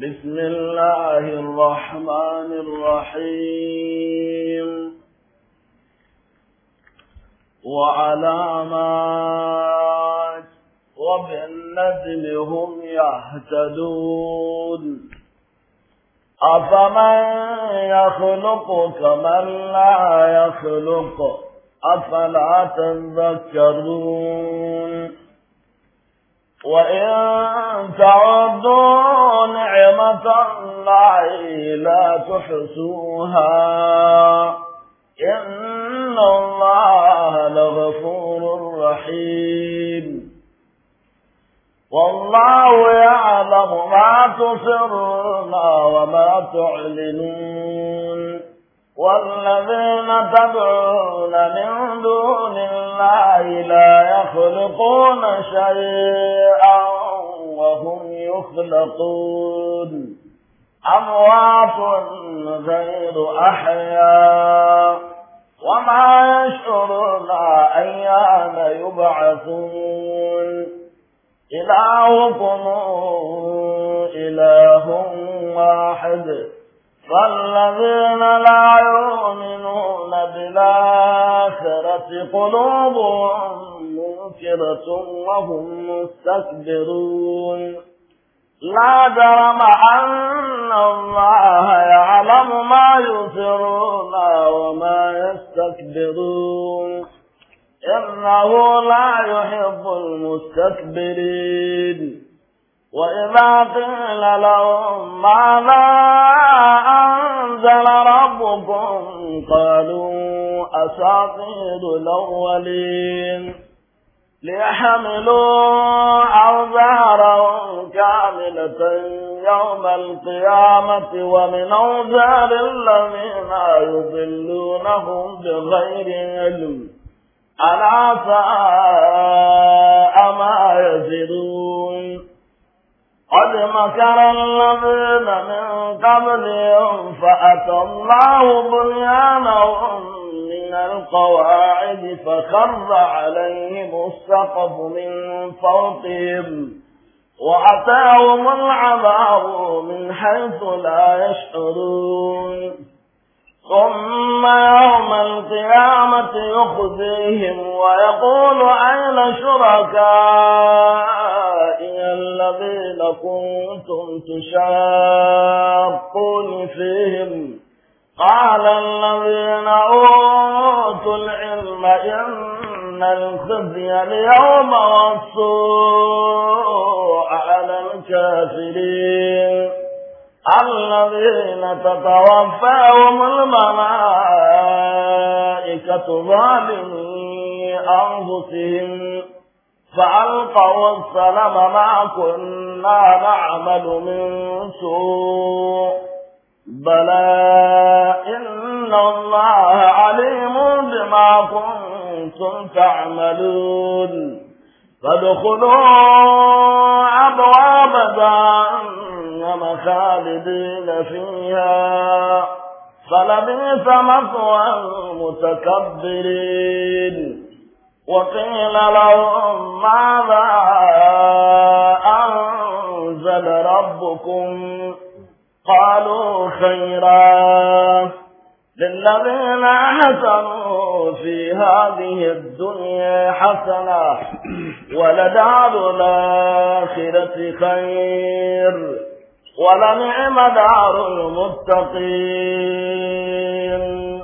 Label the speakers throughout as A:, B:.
A: بسم الله الرحمن الرحيم وعلامات وبالنزل هم يهتدون أفمن يخلق كمن لا يخلق أفلا تذكرون وإن تعدوا نعمة الله لا تحسوها إن الله لغفور رحيم والله يعلم ما تسرنا وما تعلنون والذين تدعون من دون الله لا يخلقون شيئا وهم يخلقون أموات غير أحياء وما يشعرون أيان يبعثون إلهكم إله واحد فالذين لا يؤمنون بالآخرة قلوبهم منكرة وهم مستكبرون لا جرم أن الله يعلم ما يسرون وما يستكبرون إنه لا يحب المستكبرين وإذا قيل لهم ماذا أنزل ربكم قالوا أساطير الأولين ليحملوا أوزارهم كاملة يوم القيامة ومن أوزار الذين يضلونهم بغير علم ألا ساء ما يزدون
B: قد مكر
A: الذين من قبلهم فأتى الله بنيانهم من القواعد فخر عليهم السقف من فوقهم وأتاهم العذاب من حيث لا يشعرون ثم يوم القيامة يخزيهم ويقول أين شركائهم الذين كنتم تشاقون فيهم قال الذين أوتوا العلم إن الخزي اليوم والسوء على الكافرين الذين تتوفاهم الملائكة ظالمي أنفسهم فألقوا السلام ما كنا نعمل من سوء بلى إن الله عليم بما كنتم تعملون فادخلوا أبواب جهنم خالدين فيها فلبئس مثوى المتكبرين وقيل لهم ماذا أنزل ربكم قالوا خيرا للذين أحسنوا في هذه الدنيا حسنة ولدار الآخرة خير ولنعم دار المتقين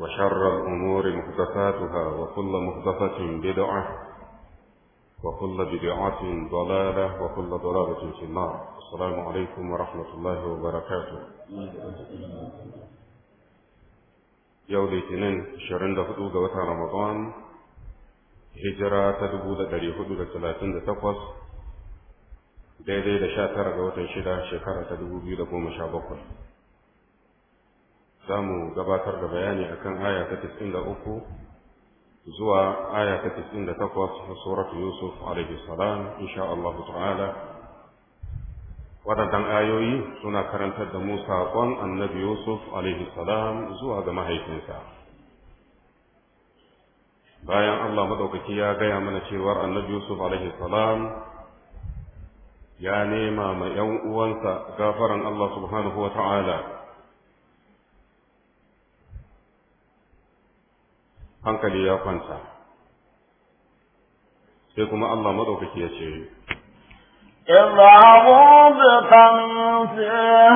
C: وشر الأمور محدثاتها وكل محدثة بدعة وكل بدعة ضلالة وكل ضلالة في النار السلام عليكم ورحمة الله وبركاته حدود yau litinin 24 ga watan ramadan hijira ta 438 daidai da 19 ga watan 6 shekara ta 2017 za mu gabatar da bayani akan aya ta 93 zuwa aya ta 98 na suratu Yusuf alaihi salam insha Allah ta'ala waɗannan ayoyi suna karantar da mu saƙon annabi Yusuf alaihi salam zuwa ga mahaifinsa bayan Allah madaukaki ya gaya mana cewar annabi Yusuf alaihi salam ya nema ma ‘yan uwansa gafaran Allah subhanahu wa ta'ala’ hankali ya kwanta sai kuma Allah madaukaki ya
A: ce Ina abubu ta nufi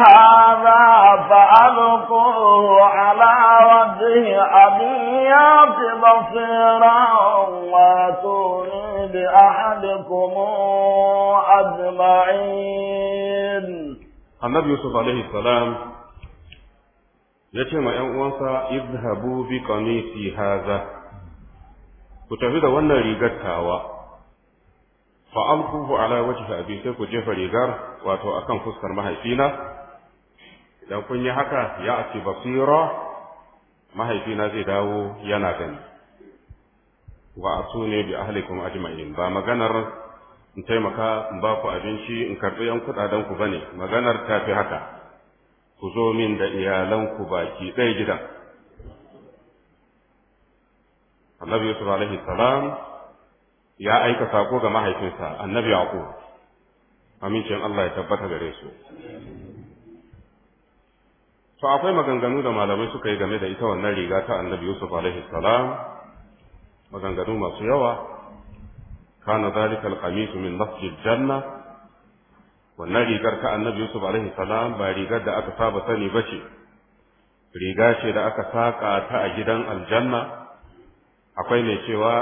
A: haza fa alukuhu ala wadda abiya fi basira wa to ni bi
C: Annabi Yusuf alaihi ya ce ma ‘yan uwansa izhabu bi qamisi haza ku tafi da wannan rigar tawa fa kufu ala wacce abi sai ku jefa rigar wato akan fuskar mahaifina idan kun yi haka ya ati basira mahaifina zai dawo yana gani wa ne bi ahlikum ajma'in ba maganar in taimaka in ba ku abinci in karɓi ‘yan kuɗaɗen ku ba ne. maganar ta fi haka ku zo min da iyalanku baki ɗaya gidan annabi yusuf alaihi salam ya aika sako ga mahaifinsa annabi yaqub amincin Allah ya tabbata gare su to akwai maganganu da malamai suka yi game da ita wannan riga ta annabi yusuf alaihi salam maganganu masu yawa kana zalika alqamis min nafsi janna wannan rigar ta annabi yusuf alaihi salam ba rigar da aka saba sani ba ce riga ce da aka saka ta a gidan aljanna akwai mai cewa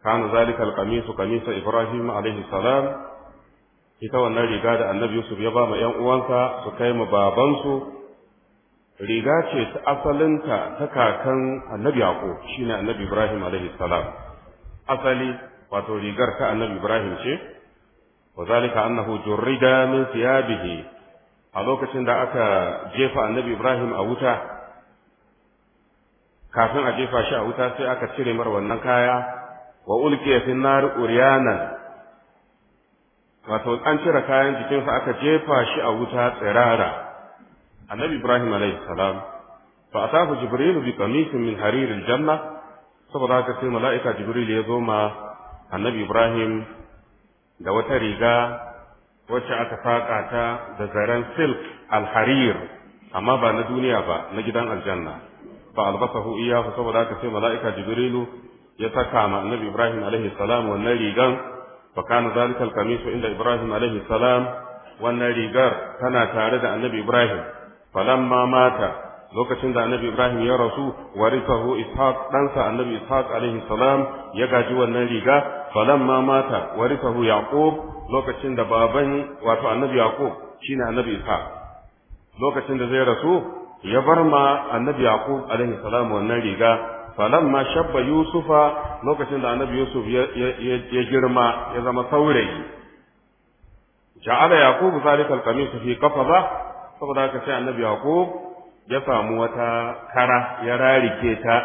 C: kana zalikal qamisu qamisa ibrahim alaihi salam ita wannan riga da annabi yusuf ya ba ma yan uwansa su kai ma babansu riga ce ta asalinta ta kakan annabi yaqo shine annabi ibrahim alaihi salam asali wato rigar ta annabi ibrahim ce wa zalika annahu jurrida min thiyabihi a lokacin da aka jefa annabi Ibrahim a wuta kafin a jefa shi a wuta sai aka cire mar wannan kaya wa ulqiya fi nar uryanan wato an cire kayan jikinsa aka jefa shi a wuta tsirara annabi Ibrahim alayhi salam fa atahu jibril bi qamisin min harir janna? saboda haka sai mala'ika jibril ya zo ma annabi Ibrahim da wata riga wacce aka faƙa ta da zaren silk alharir amma ba na duniya ba na gidan aljanna ba albasahu iyahu saboda aka ce mala'ika jibrilu ya saka ma annabi ibrahim alaihi salam wannan rigan fa kana zalikal kamisu inda ibrahim alaihi salam wannan rigar tana tare da annabi ibrahim falamma mata lokacin da annabi ibrahim ya rasu warisahu ishaq ɗansa annabi ishaq alaihi salam ya gaji wannan riga falamma mata warisahu yaqub lokacin da baban wato annabi yaqub shine annabi ishaq lokacin da zai rasu ya bar ma annabi yaqub alaihi salam wannan riga falamma shabba yusufa lokacin da annabi yusuf ya girma ya zama saurayi ja'ala yaqub zalika alqamis fi qafaza saboda haka sai annabi yaqub ya samu wata kara ya rarike ta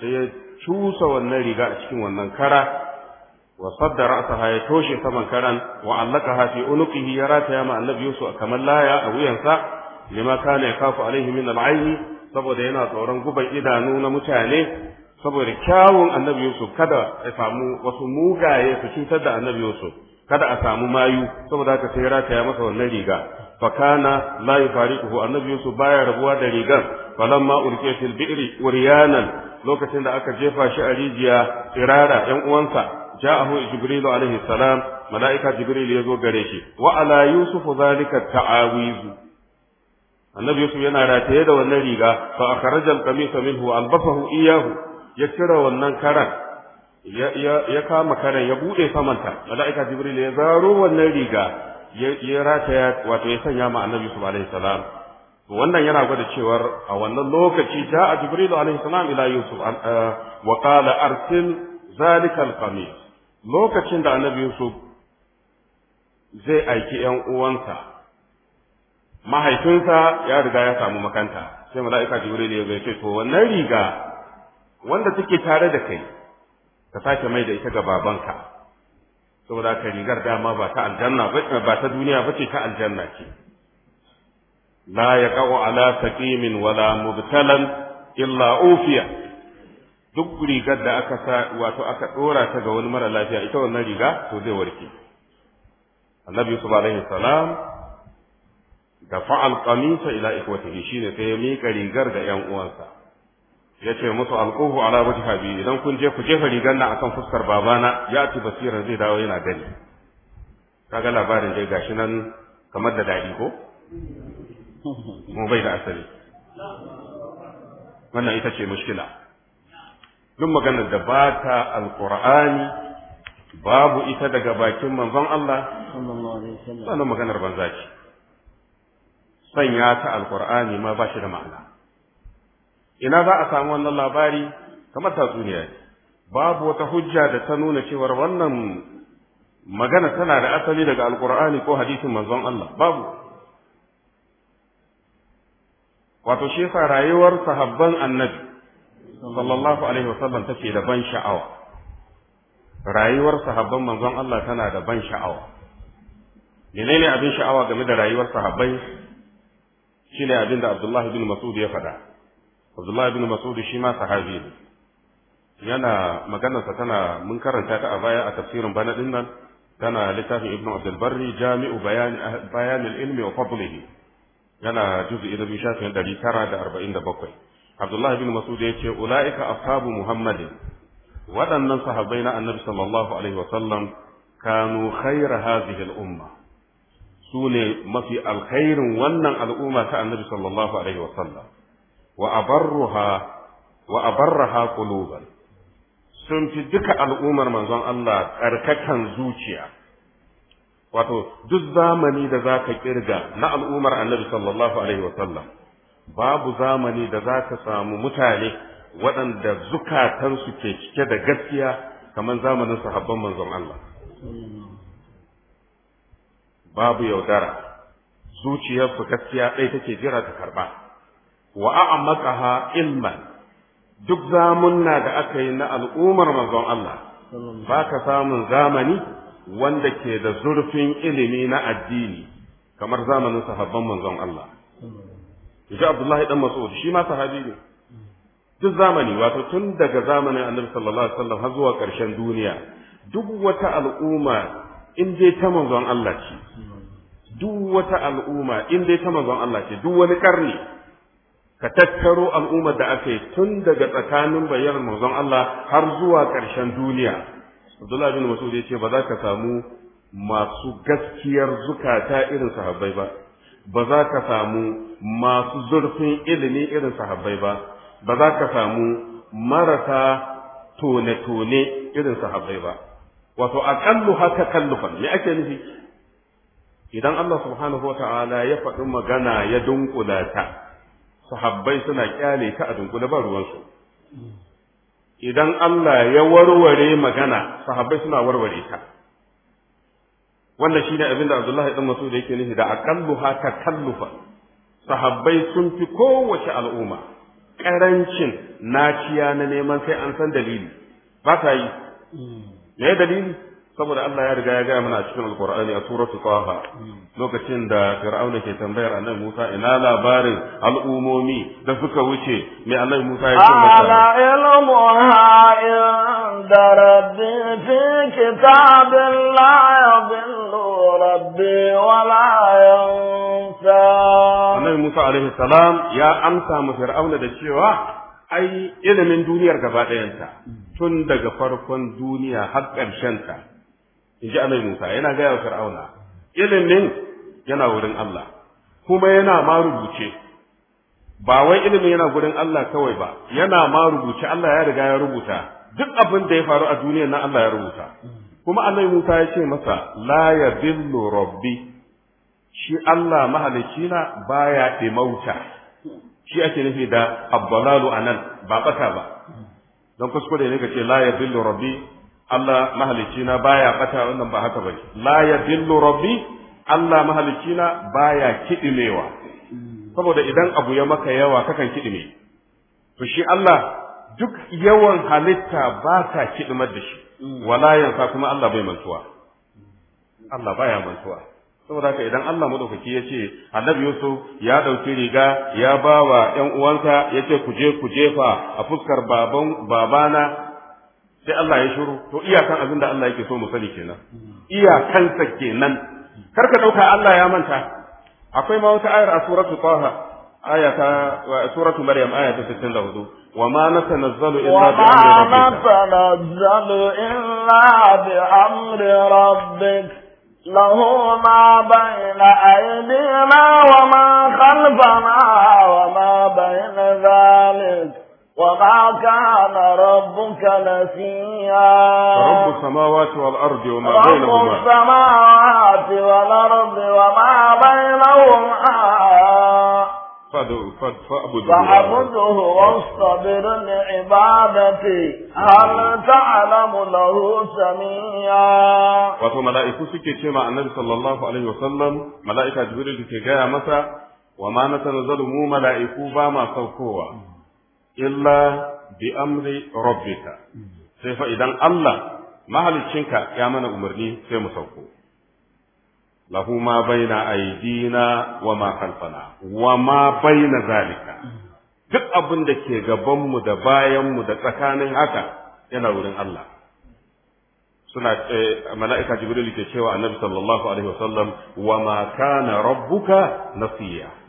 C: sai ya cusa wannan riga a cikin wannan kara wa sadda ra'saha ya toshe saman karan wa allaka fi unuqihi ya rataya ma annabi yusuf kamar laya a wuyansa lima kana yakafu alaihi min al'ayni saboda yana tsoron guban idanu na mutane saboda kyawun annabi yusuf kada ya samu wasu mugaye su cutar da annabi yusuf kada a samu mayu saboda haka sai ya rataya masa wannan riga fakana layi yufariquhu annabi yusuf baya rabuwa da rigan falan ulqiya fil bi'ri uryanan lokacin da aka jefa shi a rijiya tsirara yan uwansa ja'ahu jibril alaihi salam malaika jibril yazo gare shi wa ala yusuf zalika ta'awizu annabi yusuf yana rataye da wannan riga fa akhraja al-qamisa minhu albafahu iyahu ya cire wannan karan ya kama karan ya bude samanta malaika jibril ya zaro wannan riga ya rataya wato ya sanya ma annabi su alaihi salam wannan yana gwada cewa a wannan lokaci ta a jibrilu alaihi salam ila yusuf eh, wa qala arsil zalika alqamis lokacin da annabi yusuf zai aiki yan uwansa mahaifinsa ya riga ya samu makanta sai mala'ika jibril ya ce to wannan riga wanda take tare da kai ka sake mai da ita ga babanka saboda ka rigar dama ba ta aljanna ba ta duniya ba ce ta aljanna ce la yaqa'u ala saqimin wala mubtalan illa ufiya duk rigar da aka sa wato aka dora ta ga wani mara lafiya ita wannan riga to zai warke annabi yusuf alaihi salam da fa'al qamisa ila ikwatihi shine sai ya mika rigar ga yan uwansa ya ce musu alƙuhu ala wajhi habi idan kun je ku jefa rigar nan akan fuskar babana ya ci basira zai dawo yana gani kaga labarin dai gashi nan kamar da daɗi ko mu bai da asali wannan ita ce mushkila duk maganar da ba ta alƙur'ani babu ita daga bakin manzon Allah sannan maganar banza ce sanya ta alƙur'ani ma ba shi da ma'ana ina za a samu wannan labari kamar tatsuniya ne babu wata hujja da ta nuna cewar wannan magana tana da asali daga alkur'ani ko hadisin manzon Allah babu wato shi yasa rayuwar sahabban annabi sallallahu alaihi wasallam take da ban sha'awa rayuwar sahabban manzon Allah tana da ban sha'awa menene abin sha'awa game da rayuwar sahabbai shine abin da Abdullah bin Mas'ud ya faɗa Abdullahi ibn Mas'ud shi ma sahabi ne yana maganarsa tana mun karanta ta a baya a tafsirin bana din nan tana littafin Ibn Abdul Barri Jami'u Bayan Bayan ilmi wa Fadlihi yana juz'i na biyu shafin 947 Abdullahi ibn Mas'ud yace ulaika ashabu Muhammadin waɗannan sahabbai na Annabi sallallahu alaihi wa sallam kanu khayra hadhihi al-umma su ne mafi alkhairin wannan al'umma ta annabi sallallahu alaihi sallam. wa abarruha wa abarraha sun fi duka al'umar manzon Allah karkakan zuciya wato duk zamani da zaka kirga na al'ummar Annabi sallallahu alaihi wasallam babu zamani da zaka samu mutane waɗanda zukatansu ke cike da gaskiya kamar zamanin sahabban manzon Allah babu yaudara zuciyarsu gaskiya ɗai take jira ta karba wa a'maqaha ilman duk zamunna da aka yi na al'ummar manzon Allah ba ka samun zamani wanda ke da zurfin ilimi na addini kamar zamanin sahabban manzon Allah ji Abdullahi dan Mas'ud shi ma sahabi ne duk zamani wato tun daga zamanin Annabi sallallahu alaihi wasallam har zuwa ƙarshen duniya duk wata al'umma in dai ta manzon Allah ce duk wata al'umma in dai ta manzon Allah ce duk wani ƙarni. ka tattaro al'ummar da aka yi tun daga tsakanin bayyanar manzon Allah har zuwa ƙarshen duniya Abdullahi bin Mas'ud ya ce ba za ka samu masu gaskiyar zukata irin sahabbai ba ba za ka samu masu zurfin ilimi irin sahabbai ba ba za ka samu marasa tone-tone irin sahabbai ba wato kallu haka kallufan me ake nufi idan Allah subhanahu wa ya faɗi magana ya dunkula ta sahabbai suna kyale ta a dunkule ba ruwansu idan Allah ya warware magana sahabbai suna warware ta wannan shine abin da Abdullahi Mas'ud yake nufi da ta kallufa, sahabbai sun fi kowace al'umma karancin naciya na neman sai an san dalili ba ta yi mm. me dalili saboda Allah ya riga ya gaya mana a cikin alkur'ani a suratu taha lokacin da fir'auna ke tambayar annabi Musa ina labarin al'umomi da suka wuce mai annabi Musa ya ce masa ala
A: ilmu ha inda rabbi fi kitabin la yadhillu rabbi wa la yansa annabi
C: Musa alaihi salam ya amsa ma fir'auna da cewa ai ilimin duniyar gaba ɗayanta tun daga farkon duniya har ƙarshenta in ji annabi Musa yana gaya wa Fir'auna ilimin yana wurin Allah kuma yana ma rubuce ba wai ilimin yana gurin Allah kawai ba yana ma rubuce Allah ya riga ya rubuta duk abin da ya faru a duniya na Allah ya rubuta kuma annabi Musa ya ce masa la ya billu rabbi shi Allah mahalicci na baya dimauta shi ake nufi da abdalalu anan ba bata ba don kuskure ne ka ce la ya billu rabbi Allah mahalicci baya bata wannan ba haka bane la ya dillu rabbi Allah mahalicci baya kidimewa saboda idan abu ya maka yawa kakan kidime to shi Allah duk yawan halitta ba ta kidimar da shi wala yansa kuma Allah bai mantuwa Allah baya mantuwa saboda haka idan Allah madaukaki ya ce annabi Yusuf ya ɗauki riga ya ba wa ‘yan uwansa ya ce ku je ku jefa a fuskar baban babana sai Allah ya shiru to iyakan abin da Allah yake so mu sani kenan iyakan sa kenan karka dauka Allah ya manta akwai ma wata ayar a suratu Taha ayata ta suratu Maryam aya ta 64 wa ma natanazzalu illa
A: bi amri rabbik له ما بين أيدينا وما خلفنا وما بين ذلك وما كان ربك نسيا رب
C: السماوات والأرض وما بينهما رب
A: السماوات والأرض وما بينهما
C: فاعبده
A: واصطبر لعبادته هل تعلم له سميا
C: وفي ملائكة سكت مع النبي صلى الله عليه وسلم ملائكة جبريل في جاية وما نتنزل مو ملائكة ما صوفوها illa bi amri rabbika sai fa idan Allah mahaliccinka ya mana umarni sai mu sauko lahu ma baina aidina wa ma khalfana wa ma baina zalika duk abin da ke gabanmu da bayanmu da tsakanin haka yana wurin Allah suna eh, mala'ika jibril ke cewa annabi sallallahu alaihi wasallam wa ma kana rabbuka nasiya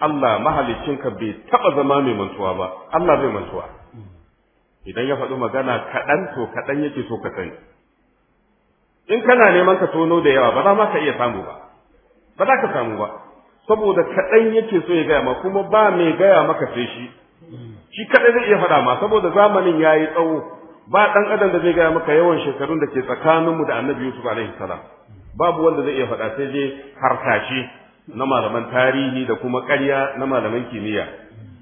C: Allah ka bai taba zama mai mantuwa ba, Allah bai mantuwa. Idan ya faɗi magana kaɗan to kaɗan yake so ka sani. In kana neman ka tono da yawa ba za ma ka iya samu ba, ba za ka samu ba, saboda kaɗan yake so ya gaya ma kuma ba mai gaya maka sai shi. Shi kaɗai zai iya faɗa ma saboda zamanin ya yi tsawo ba ɗan adam da zai gaya maka yawan shekarun da ke tsakaninmu da annabi Yusuf alaihi salam. Babu wanda zai iya faɗa sai dai harkashe. na malaman tarihi da kuma ƙarya na malaman kimiyya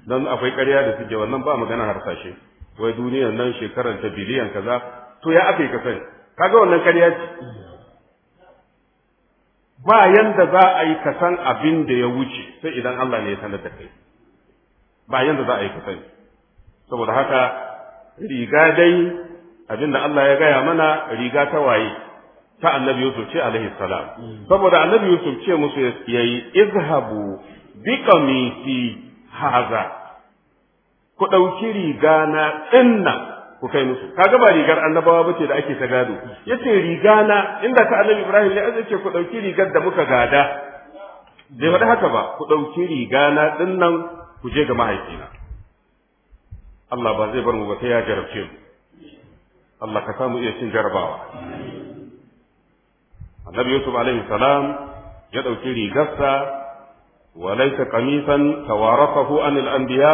C: don akwai ƙarya da suke wannan ba magana harsashe wai duniyar nan shekarar ta biliyan kaza to ya aka yi ka kaga wannan ƙarya ce ba yanda za a yi kasan abin da ya wuce sai idan Allah ne ya sanar da kai ba yanda za a yi kasan. saboda haka riga dai abin da Allah ya gaya mana riga ta waye ta annabi yusuf ce alaihi salam saboda annabi yusuf ce musu yayi izhabu bi qamisi haza ku ɗauki riga na tsinna ku kai musu kaga ba rigar annabawa bace da ake ta gado yace riga na inda ta annabi ibrahim ya azace ku ɗauki rigar da muka gada bai faɗi haka ba ku ɗauki riga na dinnan ku je ga mahaifina Allah ba zai bar mu ba sai ya jarabce mu Allah ka samu iya cin jarabawa annabi yusuf alaihi salam ya ɗauki rigarsa wa laisa qamisan tawarafahu anil anbiya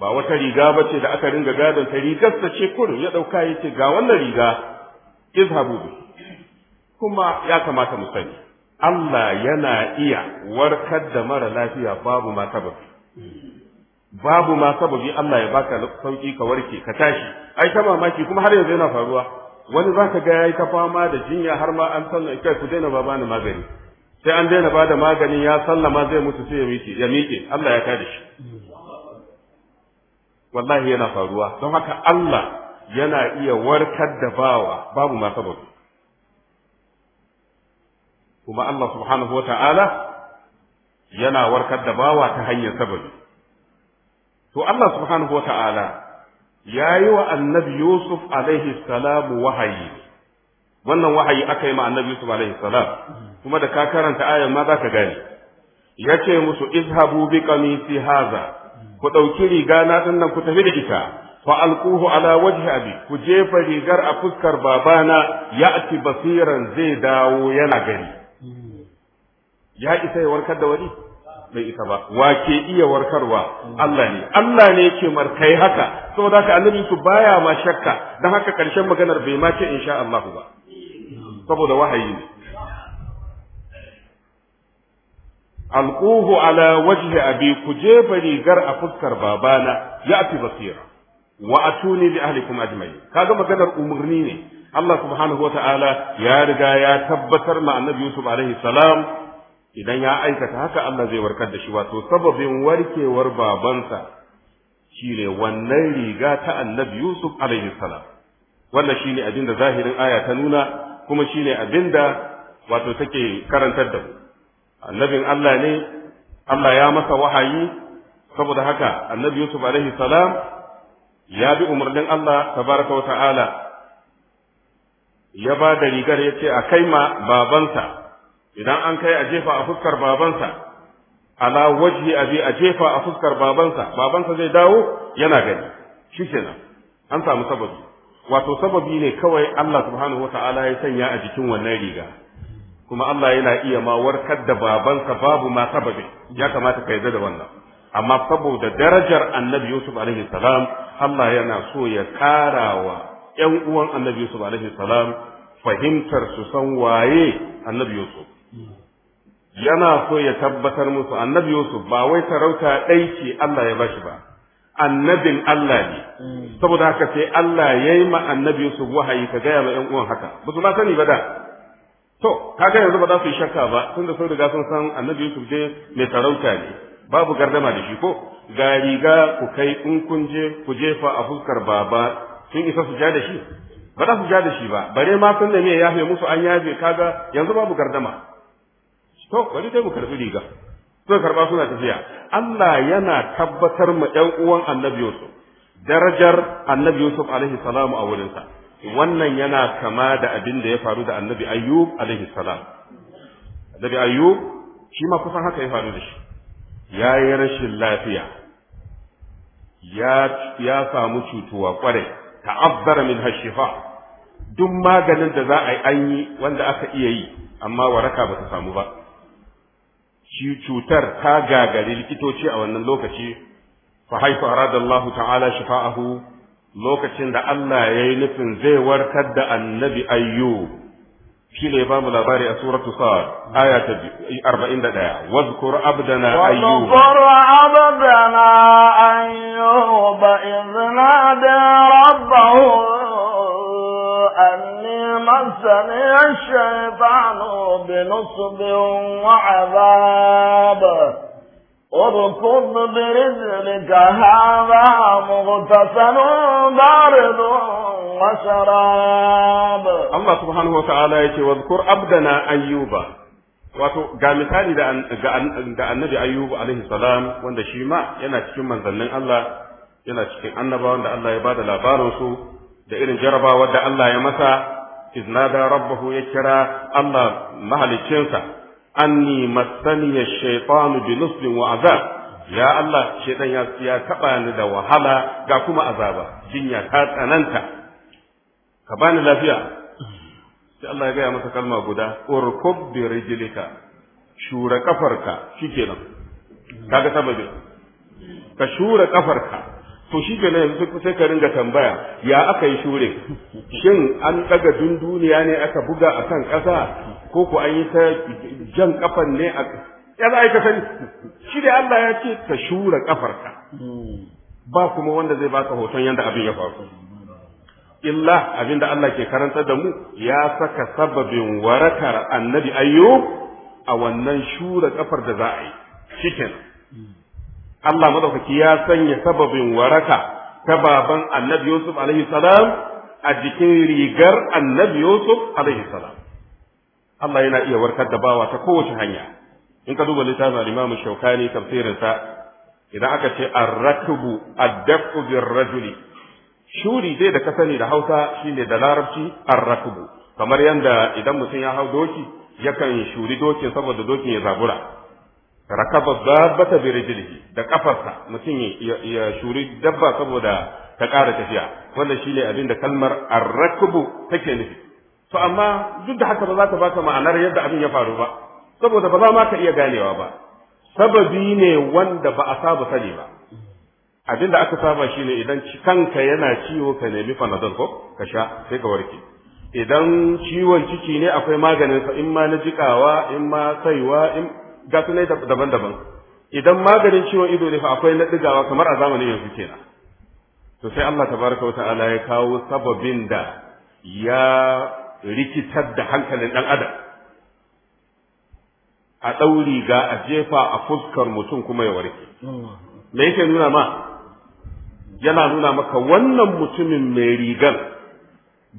C: ba wata riga bace da aka ringa gadon ta rigarsa ce kurin ya ɗauka yace ga wannan riga izhabu bi kuma ya kamata mu sani Allah yana iya warkar da mara lafiya babu ma sababi babu ma sababi Allah ya baka sauki ka warke ka tashi ai ta mamaki kuma har yanzu yana faruwa wani za ka ga ya yi ta fama da jinya har ma an san kai ku daina ba bani magani sai an daina ba da maganin ya sallama zai mutu sai ya miƙe ya miƙe Allah ya kada shi wallahi yana faruwa don haka Allah yana iya warkar da bawa babu ma sababi kuma Allah subhanahu wa ta'ala yana warkar da bawa ta hanyar sababi to Allah subhanahu wa ta'ala ya yi wa annabi yusuf alaihi salamu wahayi wannan wahayi aka yi ma annabi yusuf alaihi salam kuma da ka karanta ayar ma za ka gani. ya ce musu izhabu bi qamisi haza ku ɗauki riga na nan ku tafi da ita fa alquhu ala wajhi abi ku jefa rigar a fuskar babana ya'ti basiran zai dawo yana gani ya isa ya warkar da wani bai isa ba wa ke iya warkarwa Allah ne Allah ne yake kai haka saboda ka annabi su baya ma shakka dan haka karshen maganar bai ma ce insha Allah ba saboda wahayi ne alquhu ala wajhi abi ku jefa rigar a fuskar babana ya fi basira wa atuni li ahlikum ajma'in kaga maganar umurni ne Allah subhanahu wa ta'ala ya riga ya tabbatar ma annabi Yusuf alaihi salam idan ya aikata haka Allah zai warkar da shi wato sababin warkewar babansa shine wannan riga ta annabi Yusuf alaihi salam wannan shine abin da zahirin aya ta nuna kuma shine abin da wato take karantar da mu annabin Allah ne Allah ya masa wahayi saboda haka annabi Yusuf alaihi salam ya bi umarnin Allah tabaraka wa ta'ala ya ba da rigar ya ce a kai ma babansa idan an kai a jefa a fuskar babansa ala wajhi abi a jefa a fuskar babansa babansa zai dawo yana gani shi kenan an samu sababi wato sababi ne kawai Allah subhanahu wata'ala ya sanya a jikin wannan riga kuma Allah yana iya ma warkar da babansa babu ma sababi ya kamata ka yarda da wannan amma saboda darajar annabi Yusuf alaihi salam Allah yana so ya karawa 'yan uwan annabi Yusuf alaihi salam fahimtar su san waye annabi Yusuf yana so ya tabbatar musu annabi Yusuf ba wai sarauta ɗai ce Allah ya bashi ba annabin Allah ne saboda haka sai Allah ya yi ma annabi Yusuf wahayi ka gaya ma uwan haka ba su sani ba da to kaga yanzu ba za su yi shakka ba tun da sun riga sun san annabi Yusuf je mai sarauta ne babu gardama da shi ko ga riga ku kai in kun je ku jefa a fuskar baba sun isa su ja da shi ba za su ja da shi ba bare ma sun ne me yafe musu an yaje kaga yanzu babu gardama to bari dai mu karbi riga suka karba suna tafiya Allah yana tabbatar ma ɗan uwan Annabi Yusuf darajar Annabi Yusuf alaihi salamu a wurinsa wannan yana kama da abin da ya faru da Annabi Ayyub alaihi salam Annabi Ayyub shi ma kusan haka ya faru da shi ya yi rashin lafiya ya ya samu cutuwa kwarai ta'abbara min hashifa duk maganin da za a yi an yi wanda aka iya yi amma waraka ba ta samu ba cutar ta gagari likitoci a wannan lokaci fa haifa aradallahu ta'ala shifa'ahu lokacin da Allah ya yi nufin zai warkar da annabi ayyu shi ne ba mu labari a suratu sa'ad aya ta 41 wazkur abdana ayyu wazkur
A: abdana ayyu ba idna da rabbahu أني مسني الشيطان بنصب وعذاب اركض برجلك هذا مغتسل بارد وشراب الله
C: سبحانه وتعالى يتي واذكر عبدنا أيوبا wato ga misali da da annabi ayyubu alaihi salam wanda shi ma yana cikin manzannin Allah yana cikin annabawan da Allah ya bada labarin su da irin jarabawa da Allah ya masa iznada rabbahu ya kira Allah mahaliccinsa anni masani ya shaytanu bi nusbin wa azab ya Allah shaytan ya ya taba ni da wahala ga kuma azaba jinya ta tsananta ka bani lafiya sai Allah ya gaya masa kalma guda urkub bi rijlika shura kafarka shikenan kaga sababin ka shura kafarka to shi ke nan sai ka ringa tambaya ya aka yi shurin shin an daga dunduniya ne aka buga a kan ƙasa ko ku an yi ta jan kafan ne a ya za a yi sani shi da Allah ya ce ka shura kafarka ba kuma wanda zai baka hoton yadda abin ya faru illa abinda Allah ke karanta da mu ya saka sababin warakar annabi ayyub a wannan shura ƙafar da za a yi shikenan Allah madaukaki ya sanya sababin waraka ta baban annabi Yusuf alaihi salam a jikin rigar annabi Yusuf alaihi salam Allah yana iya warkar da bawa ta kowace hanya in ka duba littafin Imam tafsirin sa idan aka ce ar-rakbu ad-dafu bir-rajuli shuri dai da ka sani da Hausa shine da Larabci ar-rakbu kamar yanda idan mutum ya hau doki yakan shuri dokin saboda dokin ya zabura rakaba babata bi rijlihi da kafarsa mutum ya shuri dabba saboda ta ƙara tafiya wannan shine abin da kalmar arrakbu take nufi to amma duk da haka ba za ta baka ma'anar yadda abin ya faru ba saboda ba za ma ka iya ganewa ba sababi ne wanda ba a saba sani ba abin da aka saba shine idan kanka yana ciwo ka nemi panadol ko ka sha sai ka warke idan ciwon ciki ne akwai maganin sa in ma na jikawa in ma saiwa ga sunai daban-daban idan maganin ciwon ido ne fa akwai na digawa kamar a zamanin yanzu kenan to sai Allah tabaraka wa ta'ala ya kawo sababin da ya rikitar da hankalin dan adam a ɗauri ga a jefa a fuskar mutum kuma ya warke me yake nuna ma yana nuna maka wannan mutumin mai rigan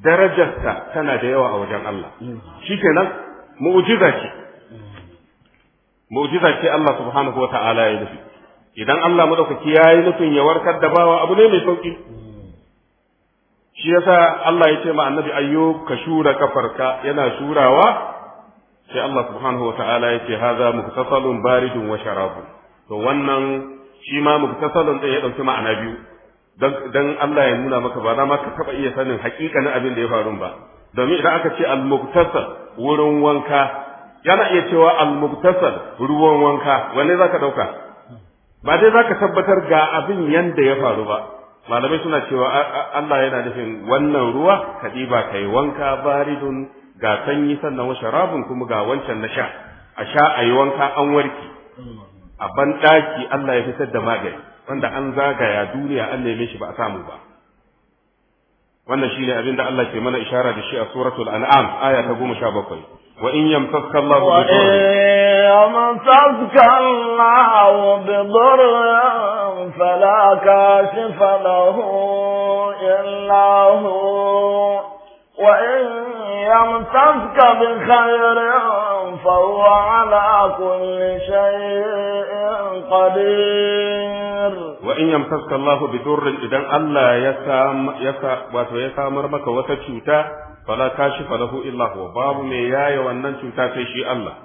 C: darajarsa tana da yawa a wajen Allah shikenan mu'jiza ce mu'jiza ce Allah subhanahu wata'ala ya nufi idan Allah madaukaki ya yi nufin ya warkar da bawa abu ne mai sauki shi yasa Allah ya ce ma annabi ayyub ka shura kafarka yana shurawa sai Allah subhanahu wata'ala ya ce haza muktasalun baridun wa sharabun to wannan shi ma muktasalun ɗin ya ɗauki ma'ana biyu dan Allah ya nuna maka ba dama ka taba iya sanin hakikanin abin da ya faru ba domin idan aka ce al-muktasal wurin wanka yana iya cewa al muktasal ruwan wanka wanne zaka dauka ba dai zaka tabbatar ga abin yanda ya faru ba malamai suna cewa Allah yana nufin wannan ruwa ka diba kai wanka baridun ga sanyi sannan wa sharabun kuma ga wancan na sha a sha ayi wanka an warke a ban daki Allah ya fitar da magani wanda an zagaya duniya an neme shi ba a samu ba wannan shine abin da Allah ke mana ishara da shi a suratul an'am aya ta 17 وإن
B: يمسسك الله بضر
A: وإن يمسسك الله بضر فلا كاشف له إلا هو وإن يمسسك بخير فهو على كل شيء قدير
C: وإن يمسسك الله بضر إذا الله يسام يسام وتيسامر ربك وتشوتا fala kashifa lahu illa huwa babu mai yaya wannan cuta sai shi Allah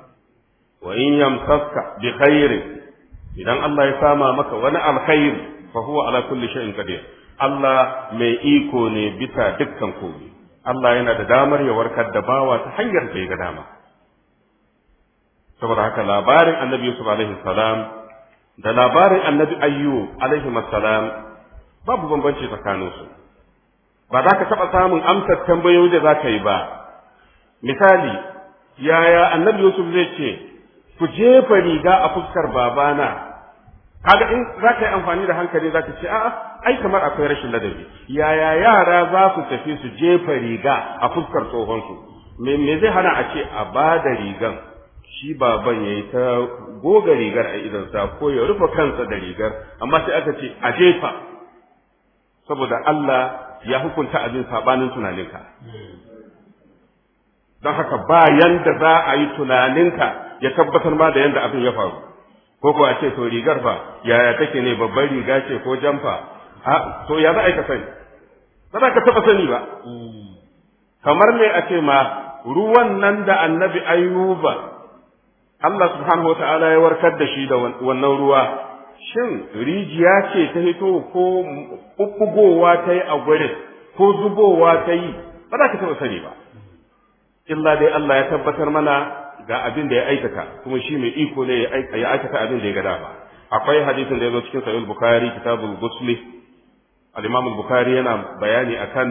C: wa in yamsaska bi khairin idan Allah ya sama maka wani alkhairi fa huwa ala kulli shay'in qadir Allah mai iko ne bisa dukkan komai Allah yana da damar ya warkar da bawa ta hanyar da ya ga dama saboda haka labarin annabi yusuf alaihi salam da labarin annabi ayyub alaihi salam babu bambanci tsakaninsu ba za ka taɓa samun amsar tambayoyi da za ka yi ba misali yaya annabi yusuf zai ce ku jefa riga a fuskar babana kaga in za ka yi amfani da hankali za ka ce a'a ai kamar akwai rashin ladabi yaya yara za su tafi su jefa riga a fuskar tsohonsu me me zai hana a ce a ba da rigan shi baban yayi ta goga rigar a idansa ko ya rufe kansa da rigar amma sai aka ce a jefa saboda Allah ya hukunta abin sabanin tunaninka don haka ba yanda za a yi tunaninka ya tabbatar ma da yanda abin ya faru ko kuwa a ce to rigar fa yaya take ne babban riga ce ko jamfa a to ya za a yi ka sani ba za ka taba sani ba kamar ne a ce ma ruwan nan da annabi ayuba Allah subhanahu wa ta'ala ya warkar da shi da wannan ruwa shin rijiya ce ta hito ko ɓuɓɓugowa ta yi a gurin ko zubowa ta yi ba za ka taɓa sani ba illa dai Allah ya tabbatar mana ga abin da ya aikata kuma shi mai iko ne ya aikata abin da ya gada ba akwai hadisin da ya zo cikin sahih bukhari kitabul ghusl al-imam bukhari yana bayani akan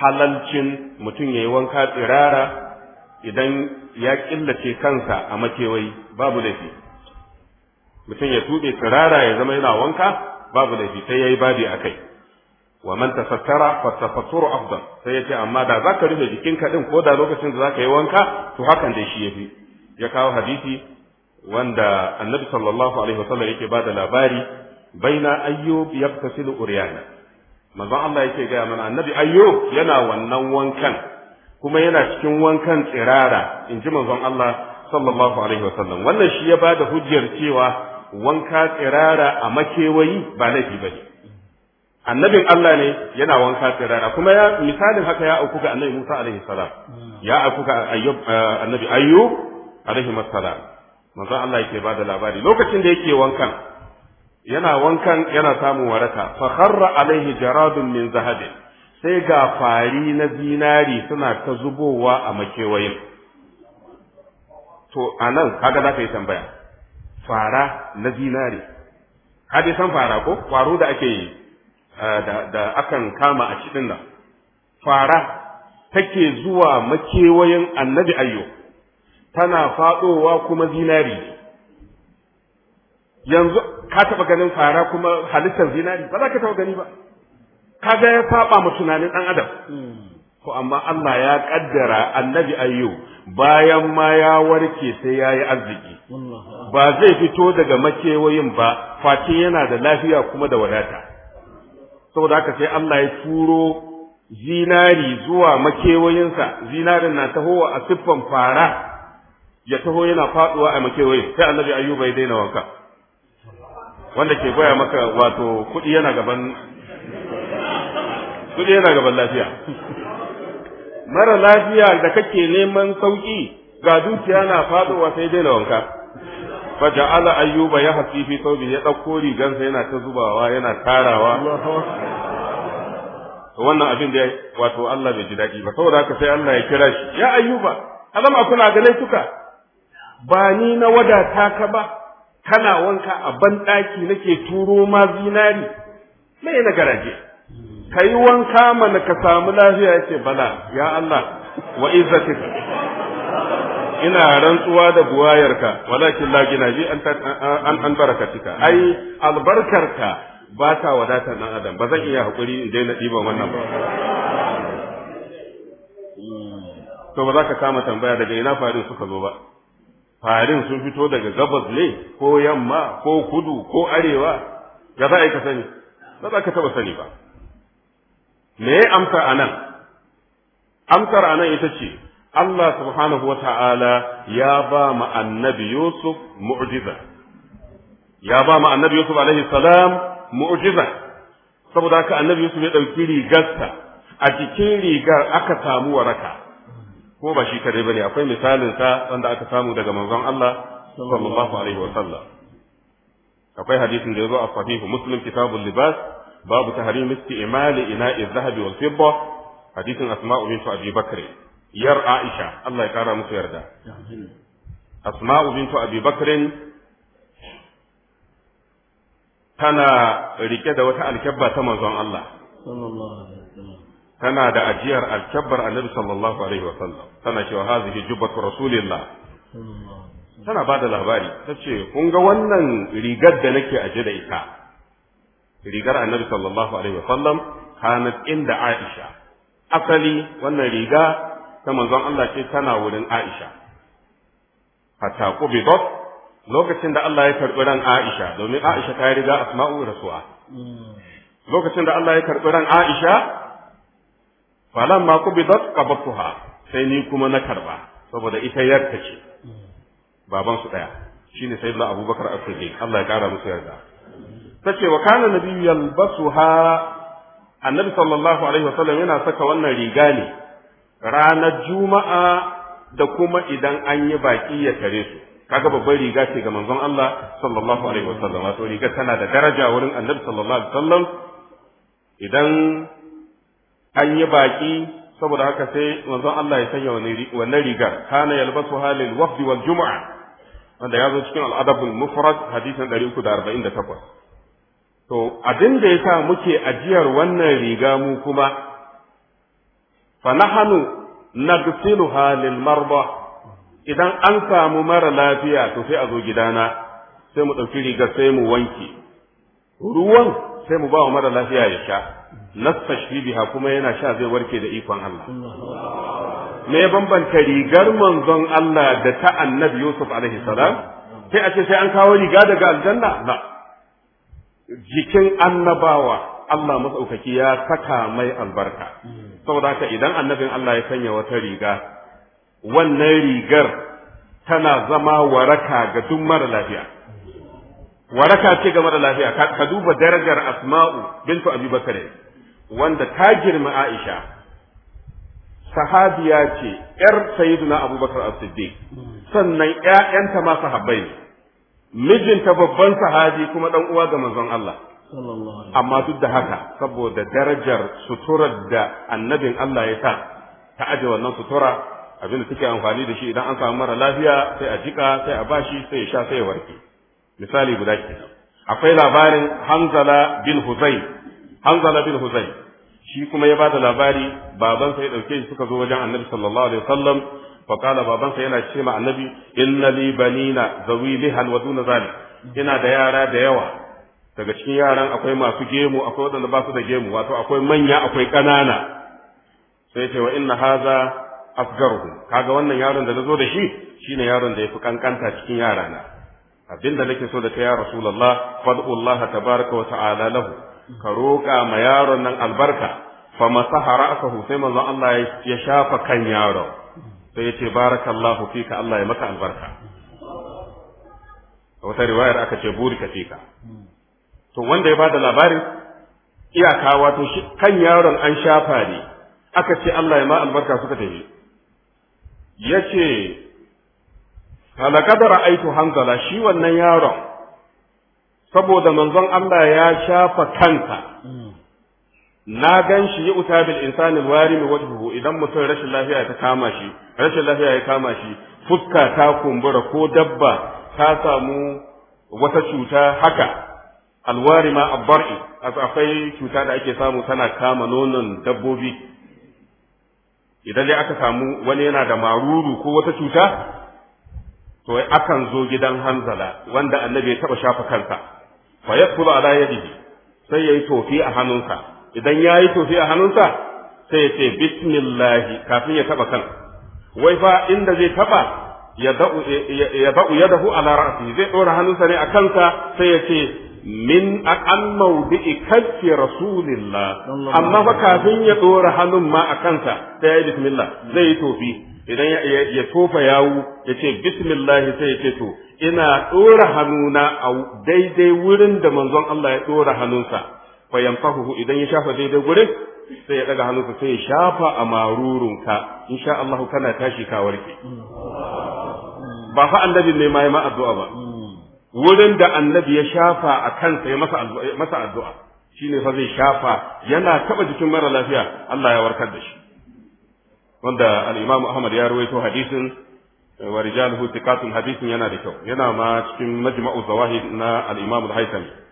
C: halalcin mutum yayi wanka tsirara idan ya killace kansa a makewayi babu laifi mutum ya tuɓe tsirara ya zama yana wanka babu laifi sai yayi babi kai wa man tafattara fa tafatturu afdal sai yace amma da zaka rufe jikinka din ko da lokacin da zaka yi wanka to hakan dai shi yafi ya kawo hadisi wanda annabi sallallahu alaihi wasallam yake bada labari baina ayyub yaqtasilu uryana manzon Allah yake ga mana annabi ayyub yana wannan wankan kuma yana cikin wankan tsirara in ji manzon Allah sallallahu alaihi wasallam wannan shi ya bada hujjar cewa wanka tsirara a makewayi ba laifi ba ne annabin Allah ne yana wanka tsirara kuma ya misalin haka ya auku ga annabi Musa alaihi salam ya auku ga eh, annabi ayyub alaihi salam manzon Allah yake da labari lokacin da yake wankan yana wankan yana samun waraka fa kharra alaihi jaradun min zahabin sai ga fari na zinari suna ta zubowa a makewayin to anan kaga za ka yi tambaya fara na zinare ka san fara ko kwaro da ake eh, da akan kama a cikin nan fara take zuwa makewayin annabi ayyo tana fadowa kuma zinari yanzu ka taba ganin fara kuma halittar zinari ba za ka taba gani ba Ka kaga ya saba mu tunanin dan adam Ko hmm. amma Allah ya kaddara annabi ayyo bayan ma ya warke sai ya yi arziki ba zai fito daga makewayin ba Fati yana da lafiya kuma da wadata saboda haka sai Allah ya turo zinari zuwa makewayinsa zinarin na tahowa a siffan fara ya taho yana faduwa a makewayin sai annabi ayyuba ya daina wanka wanda ke goya maka wato kudi yana gaban kudi yana gaban lafiya mara lafiya da kake neman sauki ga dukiya na faduwa sai dai wanka fa ja'ala ayyuba ya hafi fi tawbi ya dauko rigansa yana ta zubawa yana tarawa To wannan abin da wato Allah bai ji daɗi ba saboda haka sai Allah ya kira shi ya ayyuba alam akuna ga laifuka ba ni na wadata ka ba kana wanka a ban nake turo ma zinari me na garaje ka yi wanka mana ka samu lafiya ya ce bala ya Allah wa izzatik
B: ina rantsuwa da buwayarka walakin la gina
C: ji an an barakatika ai albarkarka ba ta wadata dan adam ba zan iya hakuri in daina ɗiban wannan ba to ba za ka kama tambaya daga ina farin suka zo ba farin sun fito daga gabas ne ko yamma ko kudu ko arewa ga za a yi ka sani ba za ka taba sani ba me amsar anan amsar nan ita ce Allah subhanahu wata'ala ya ba ma annabi Yusuf mu'jiza ya ba ma annabi Yusuf alaihi salam mu'jiza saboda haka annabi Yusuf ya ɗauki rigarsa a cikin rigar aka samu waraka ko ba shi kadai bane akwai misalin sa wanda aka samu daga manzon Allah sallallahu alaihi wa akwai hadisin da yazo a sahihu muslim kitabul libas babu tahrim isti'mali ina az-zahabi wal fidda hadisin asma'u bint abi yar aisha Allah ya kara musu yarda asma'u bint abi tana rike da wata alkabba ta manzon Allah tana da ajiyar alkabbar annabi sallallahu alaihi wa sallam tana cewa hazihi jubbatu rasulillah tana ba da labari ta ce kun ga wannan rigar da nake aje da ita rigar annabi sallallahu alaihi wasallam kanat inda aisha asali wannan riga ta manzon Allah ce tana wurin aisha hatta qubidat lokacin da Allah ya karbi ran aisha domin aisha ta riga asma'u rasuwa lokacin da Allah ya karbi ran aisha falamma qubidat qabattuha sai ni kuma na karba saboda ita yarta ce baban su daya shine sayyidina abubakar as-siddiq Allah ya kara musu yarda tace wa kana nabiyyu yalbasuha annabi sallallahu alaihi wasallam yana saka wannan riga ne ranar juma'a da kuma idan an yi baki ya tare su kaga babban riga ce ga manzon Allah sallallahu alaihi wasallam wato riga tana da daraja wurin annabi sallallahu alaihi wasallam idan an yi baki saboda haka sai manzon Allah ya sanya wannan rigar kana yalbasu halil wafdi wal juma'a wanda ya zo cikin al-adabul mufrad hadisin 348 to abin da yasa muke ajiyar wannan riga mu kuma fa nahnu nagsiluha lil marba idan an samu mara lafiya to sai a zo gidana sai mu ɗauki riga sai mu wanke ruwan sai mu ba wa mara lafiya ya sha nastashfi biha kuma yana sha zai warke da ikon Allah me ya bambanta rigar manzon Allah da ta annabi Yusuf alaihi salam sai a ce sai an kawo riga daga aljanna jikin annabawa Allah masaukaki ya saka mai albarka saboda haka idan annabin Allah ya sanya wata riga wannan rigar tana zama waraka ga duk mara lafiya waraka ce ga mara lafiya ka duba darajar asma'u bintu abi bakare wanda ta girma aisha sahabiya ce yar sayyiduna abubakar as-siddiq sannan ƴaƴanta ma sahabbai ne mijinta babban sahabi kuma dan uwa ga manzon Allah amma duk da haka saboda darajar suturar da annabin Allah ya sa ta aje wannan sutura abin da take amfani da shi idan an samu mara lafiya sai a jika sai a bashi sai ya sha sai ya warke misali guda ke akwai labarin Hanzala bin Huzai Hanzala bin Huzai shi kuma ya bada labari babansa ya dauke shi suka zo wajen Annabi sallallahu alaihi wasallam فقال بابان سينا شيما النبي إن لي بنينا ذوي لهن ودون ذلك ina da yara da yawa daga cikin yaran akwai masu gemu akwai wadanda ba su da gemu wato akwai manya akwai ƙanana sai ce wa inna haza asgaruhu kaga wannan yaron da nazo da shi shine yaron da yafi kankanta cikin yara na abinda nake so da kai ya rasulullah fadullah tabaraka wa ta'ala lahu ka roƙa ma yaron nan albarka fa masaha ra'sahu sai manzon Allah ya shafa kan yaron sai ya ce barakallahu fika Allah ya maka albarka a wata riwayar aka ce burika fika to wanda ya bada labarin iyaka wato shi kan yaron an shafa ne aka ce Allah ya ma albarka suka tafi ya ce da ra'aitu hanzala shi wannan yaron saboda manzon Allah ya shafa kansa na gan shi yi uta bil insani wari mai wajhuhu idan mutum rashin lafiya ta kama shi rashin lafiya ya kama shi fuska ta kumbura ko dabba ta samu wata cuta haka alwari ma abbar'i akwai cuta da ake samu tana kama nonon dabbobi idan dai aka samu wani yana da maruru ko wata cuta to akan zo gidan hanzala wanda annabi ya taba shafa kansa fa yakulu ala yadihi sai yayi tofi a hannunsa idan ya yi tofi a hannunsa sai ya ce bismillahi kafin ya taɓa kan wai fa inda zai taɓa, ya da'u yadahu ala ra'si zai dora hannunsa ne a kansa sai ya ce min an mawdi'i kaffi rasulillah amma fa kafin ya dora hannun ma a kansa sai ya yi bismillah zai yi tofi idan ya tofa yawu ya ce bismillahi sai ya ce to ina dora hannuna a daidai wurin da manzon Allah ya dora hannunsa fa idan ya shafa daidai gurin sai ya daga hannunsa sai ya shafa a marurunka insha Allah kana tashi ka warke ba fa annabi ne ma ya ma addu'a ba wurin da annabi ya shafa a kansa ya masa addu'a shine fa zai shafa yana taba jikin mara lafiya Allah ya warkar da shi wanda al-Imam Ahmad ya rawaito hadisin wa rijaluhu thiqatun hadisin yana da kyau yana ma cikin majma'u zawahid na al-Imam al-Haythami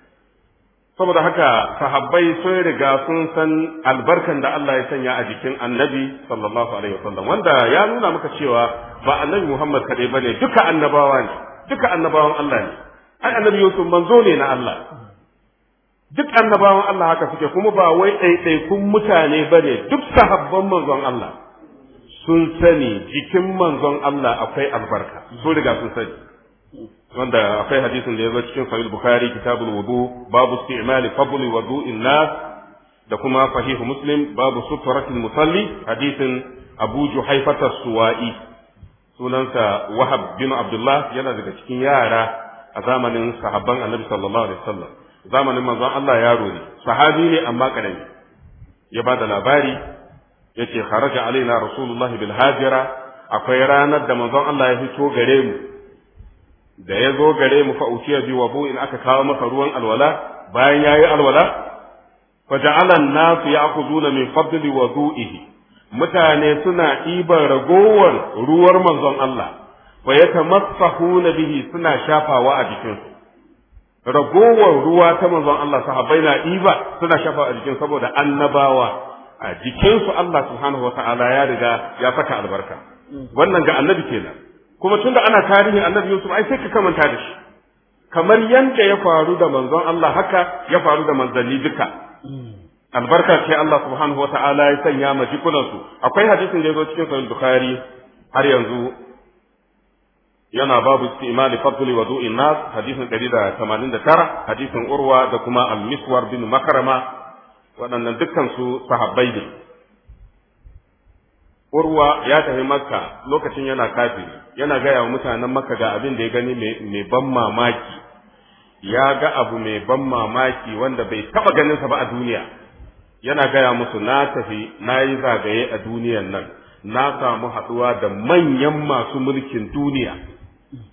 C: saboda haka sahabbai sun riga sun san albarkan da Allah ya sanya a jikin annabi sallallahu alaihi wasallam wanda ya nuna maka cewa ba annabi Muhammad kadai bane duka annabawa ne duka annabawan Allah ne ai annabi Yusuf manzo ne na Allah duk annabawan Allah haka suke kuma ba wai ɗaiɗaikun mutane bane duk sahabban manzon Allah sun sani jikin manzon Allah akwai albarka sun riga sun sani wanda akwai hadisin da ya zo cikin sahih bukhari kitabul wudu babu isti'mali fadli wudu'in nas da kuma sahih muslim babu suturatil musalli hadisin abu juhaifata suwa'i sunansa wahab bin abdullah yana daga cikin yara a zamanin sahabban annabi sallallahu alaihi wasallam zamanin manzon Allah yaro ne sahabi ne amma karami ya ba da labari yace kharaja alaina rasulullahi bil hajira akwai ranar da manzon Allah ya fito gare mu da ya zo gare mu fa utiya bi wabu in aka kawo maka ruwan alwala bayan yayi alwala fa ja'ala an-nasu ya'khuduna min fadli wudu'ihi mutane suna ibar ragowar ruwar manzon Allah fa yatamassahuna bihi suna shafawa a jikinsu ragowar ruwa ta manzon Allah sahabbai na iba suna shafawa a jikin saboda annabawa a jikinsu Allah subhanahu wa ta'ala ya riga ya saka albarka wannan ga annabi kenan kuma tunda ana tarihin annabi yusuf ai sai ka kamanta da shi kamar yanda ya faru da manzon Allah haka ya faru da manzanni duka albarka ce Allah subhanahu wa ta'ala ya sanya ma jikunansu akwai hadisin da ya zo cikin sahih bukhari har yanzu yana babu istimali wa wudu'in nas hadisin 189 hadisin urwa da kuma al-miswar bin makrama waɗannan dukkan su sahabbai ne urwa ya tafi makka lokacin yana kafiri yana gaya wa mutanen makka ga abin da ya gani mai ban mamaki ya ga abu mai ban mamaki wanda bai taba ganinsa ba a duniya yana gaya musu na tafi na yi zagaye a duniyan nan na samu haɗuwa da manyan masu mulkin duniya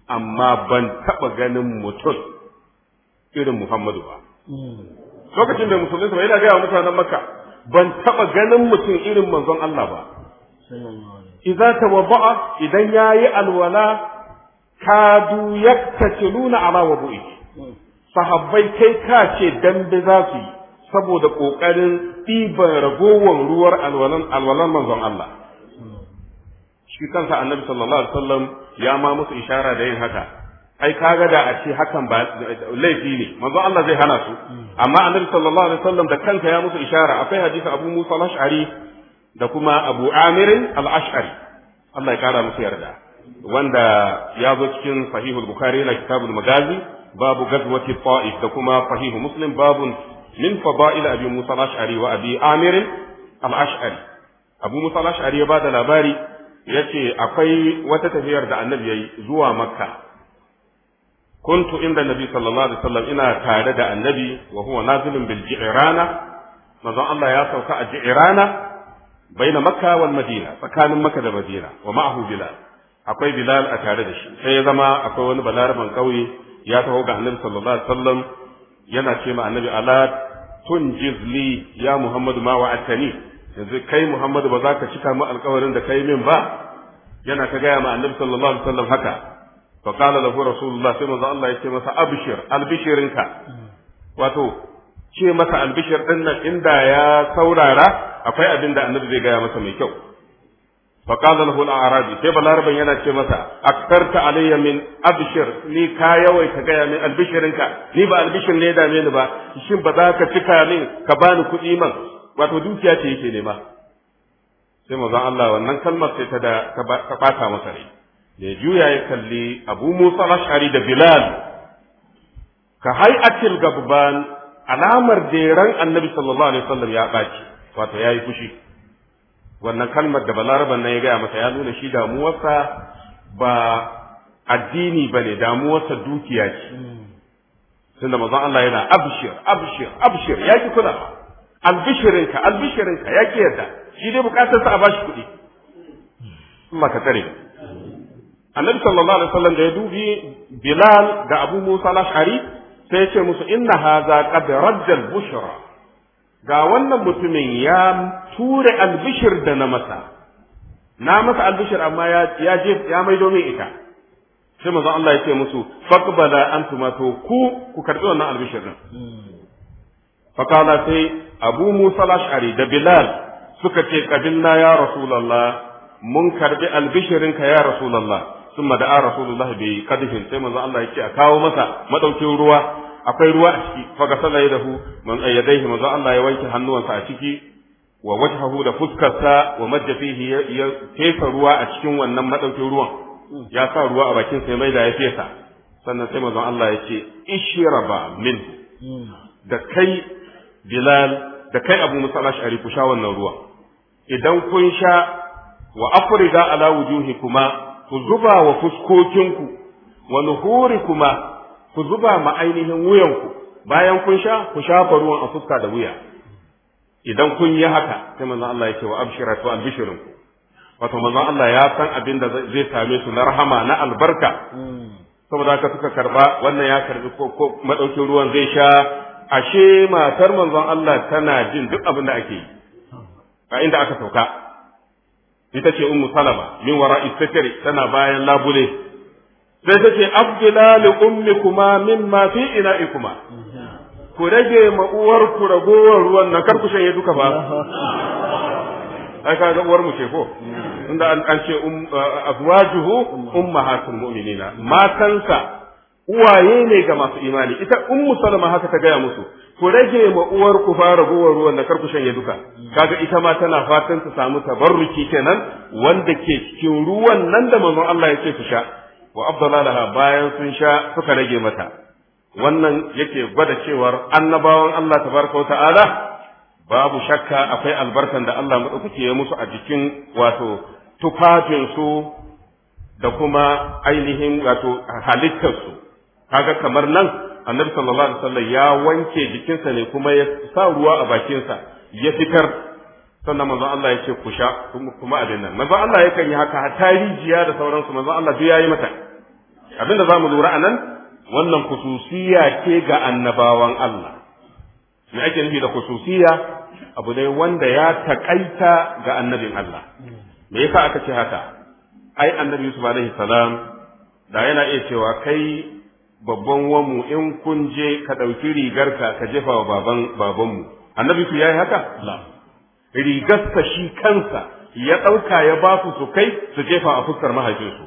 C: amma ban taba ganin mutum irin muhammadu ba lokacin da ba yana gaya wa mutanen makka ban taba ganin mutum irin manzon Allah ba idza tawadda'a idan yayi alwala kadu yaktasiluna ala wudu'i sahabbai kai ka ce dambe za su yi saboda ƙoƙarin ɗiban ragowar ruwar alwalan manzon Allah shi kansa annabi sallallahu alaihi wasallam ya ma musu ishara da yin haka ai kaga da a ce hakan ba laifi ne manzon Allah zai hana su amma annabi sallallahu alaihi wasallam da kansa ya musu ishara akwai hadisi Abu Musa al da kuma abu amirin al-ash'ari Allah ya kara musu yarda wanda ya zo cikin sahihul bukhari na kitabul magazi babu gazwati ta'if da kuma sahihu muslim Babu min fada'il abi musa al wa abu amir al-ash'ari abu musa al-ash'ari ya bada labari ce akwai wata tafiyar da annabi yayi zuwa makka kuntu inda nabi sallallahu alaihi wasallam ina tare da annabi wa huwa nazilun bil ji'rana manzon Allah ya sauka a ji'rana baina makka wal madina tsakanin makka da madina wa ma'ahu bilal akwai bilal a tare da shi sai ya zama akwai wani balaraban kauye ya taho ga annabi sallallahu alaihi wasallam yana ce ma annabi ala tunjiz li ya muhammadu ma wa'atani yanzu kai muhammadu ba za ka ci mu alkawarin da ka yi min ba yana ta gaya ma annabi sallallahu alaihi wasallam haka fa qala lahu rasulullah sai manzo Allah ya ce masa abshir albishirinka wato ce masa albishir din nan inda ya saurara akwai abin da annabi zai gaya masa mai kyau fa qala lahu al-arabi sai balarban yana ce masa aktarta alayya min abshir ni ka yawaita gaya min albishirinka ni ba albishir ne da ni ba shin ba za ka cika min ka bani kuɗi man wato dukiya ce yake nema sai maza Allah wannan kalmar sai ta da ta bata masa rai da juya ya kalli Abu Musa Ash'ari da Bilal ka hay'atil gabban alamar deran annabi sallallahu alaihi wasallam ya ɓaci wato ya yi fushi wannan kalmar da balaraban nan ya gaya masa ya nuna shi damuwarsa ba addini ba ne damuwarsa dukiya ce tunda mazan Allah yana abshir abshir abshir ya ki kula albishirinka albishirinka ya ki yarda shi dai bukatarsa a bashi kuɗi Allah ka tare annabi sallallahu alaihi wasallam da ya dubi bilal da abu musa al-ashari sai ce musu inna haza qad raddal bushra ga wannan mutumin ya ture albishir da na masa na masa albishir amma ya ya je ya mai min ita sai manzo Allah ya ce musu faqbala antuma to ku ku karbi wannan albishir din faqala sai Abu Musa al da Bilal suka ce qabilna ya rasulullah mun karbi ka ya rasulullah ثم دعا رسول الله بقدح sai manzo Allah yake a kawo masa madaukin ruwa akwai ruwa a ciki faga da hu man ayyadaihi manzo Allah ya wanke hannuwansa a ciki wa wajhahu da fuskarsa wa madda fihi ya fesa ruwa a cikin wannan madaukin ruwan ya sa ruwa a bakin sai mai da ya fesa sannan sai manzon Allah ya ce ishraba min da kai Bilal da kai Abu Musa al-Ash'ari ku sha wannan ruwa idan kun sha wa afrida ala wujuhikuma ku zuba wa fuskokinku wa nuhurikuma ku zuba ma ainihin wuyanku bayan kun sha ku shafa ruwan a fuska da wuya idan kun yi haka sai manzon Allah ya ce wa abshira to ku. wato manzon Allah ya san abin da zai same su na rahama na albarka saboda haka suka karba wannan ya karbi ko madaukin ruwan zai sha ashe matar manzon Allah tana jin duk abin da ake yi a inda aka sauka ita ce ummu salama min wara tana bayan labule sai ta ce abdila li ummikuma mimma fi ina'ikuma ku rage ma uwar ku ragowar ruwan na kar ku shanye duka ba ai ka ga uwar mu ce ko inda an ce um, azwajuhu ummahatul mu'minina matansa uwaye ne ga masu imani ita ummu salama haka ta gaya musu ku rage ma uwar ku fara gowar ruwan na karku shanye duka kaga ita ma tana fatan ta samu tabarruki kenan wanda ke cikin ruwan nan da manzon Allah ya ce ku sha wa laha bayan sun sha suka rage mata wannan yake gwada cewar annabawan Allah tabaraka wa ta'ala babu shakka akwai albarkan da Allah madaukake ya musu a jikin wato tufafin su da kuma ainihin wato halittar su kaga kamar nan annabi sallallahu alaihi wasallam ya wanke jikinsa ne kuma ya sa ruwa a bakinsa ya fitar sannan manzon Allah ya ce ku sha kuma abin nan manzon Allah yakan yi haka hatta rijiya da sauransu manzon Allah duk yayi mata abin da zamu lura anan wannan kususiya ce ga annabawan Allah me ake nufi da kususiya abu dai wanda ya takaita ga annabin Allah me yasa aka ce haka ai annabi Yusuf alaihi salam da yana iya cewa kai babban wamu in kun je ka ɗauki rigarka ka jefa wa baban babanmu annabi ku yayi haka rigarsa shi kansa ya ɗauka ya ba su su kai su jefa a fuskar mahaifinsu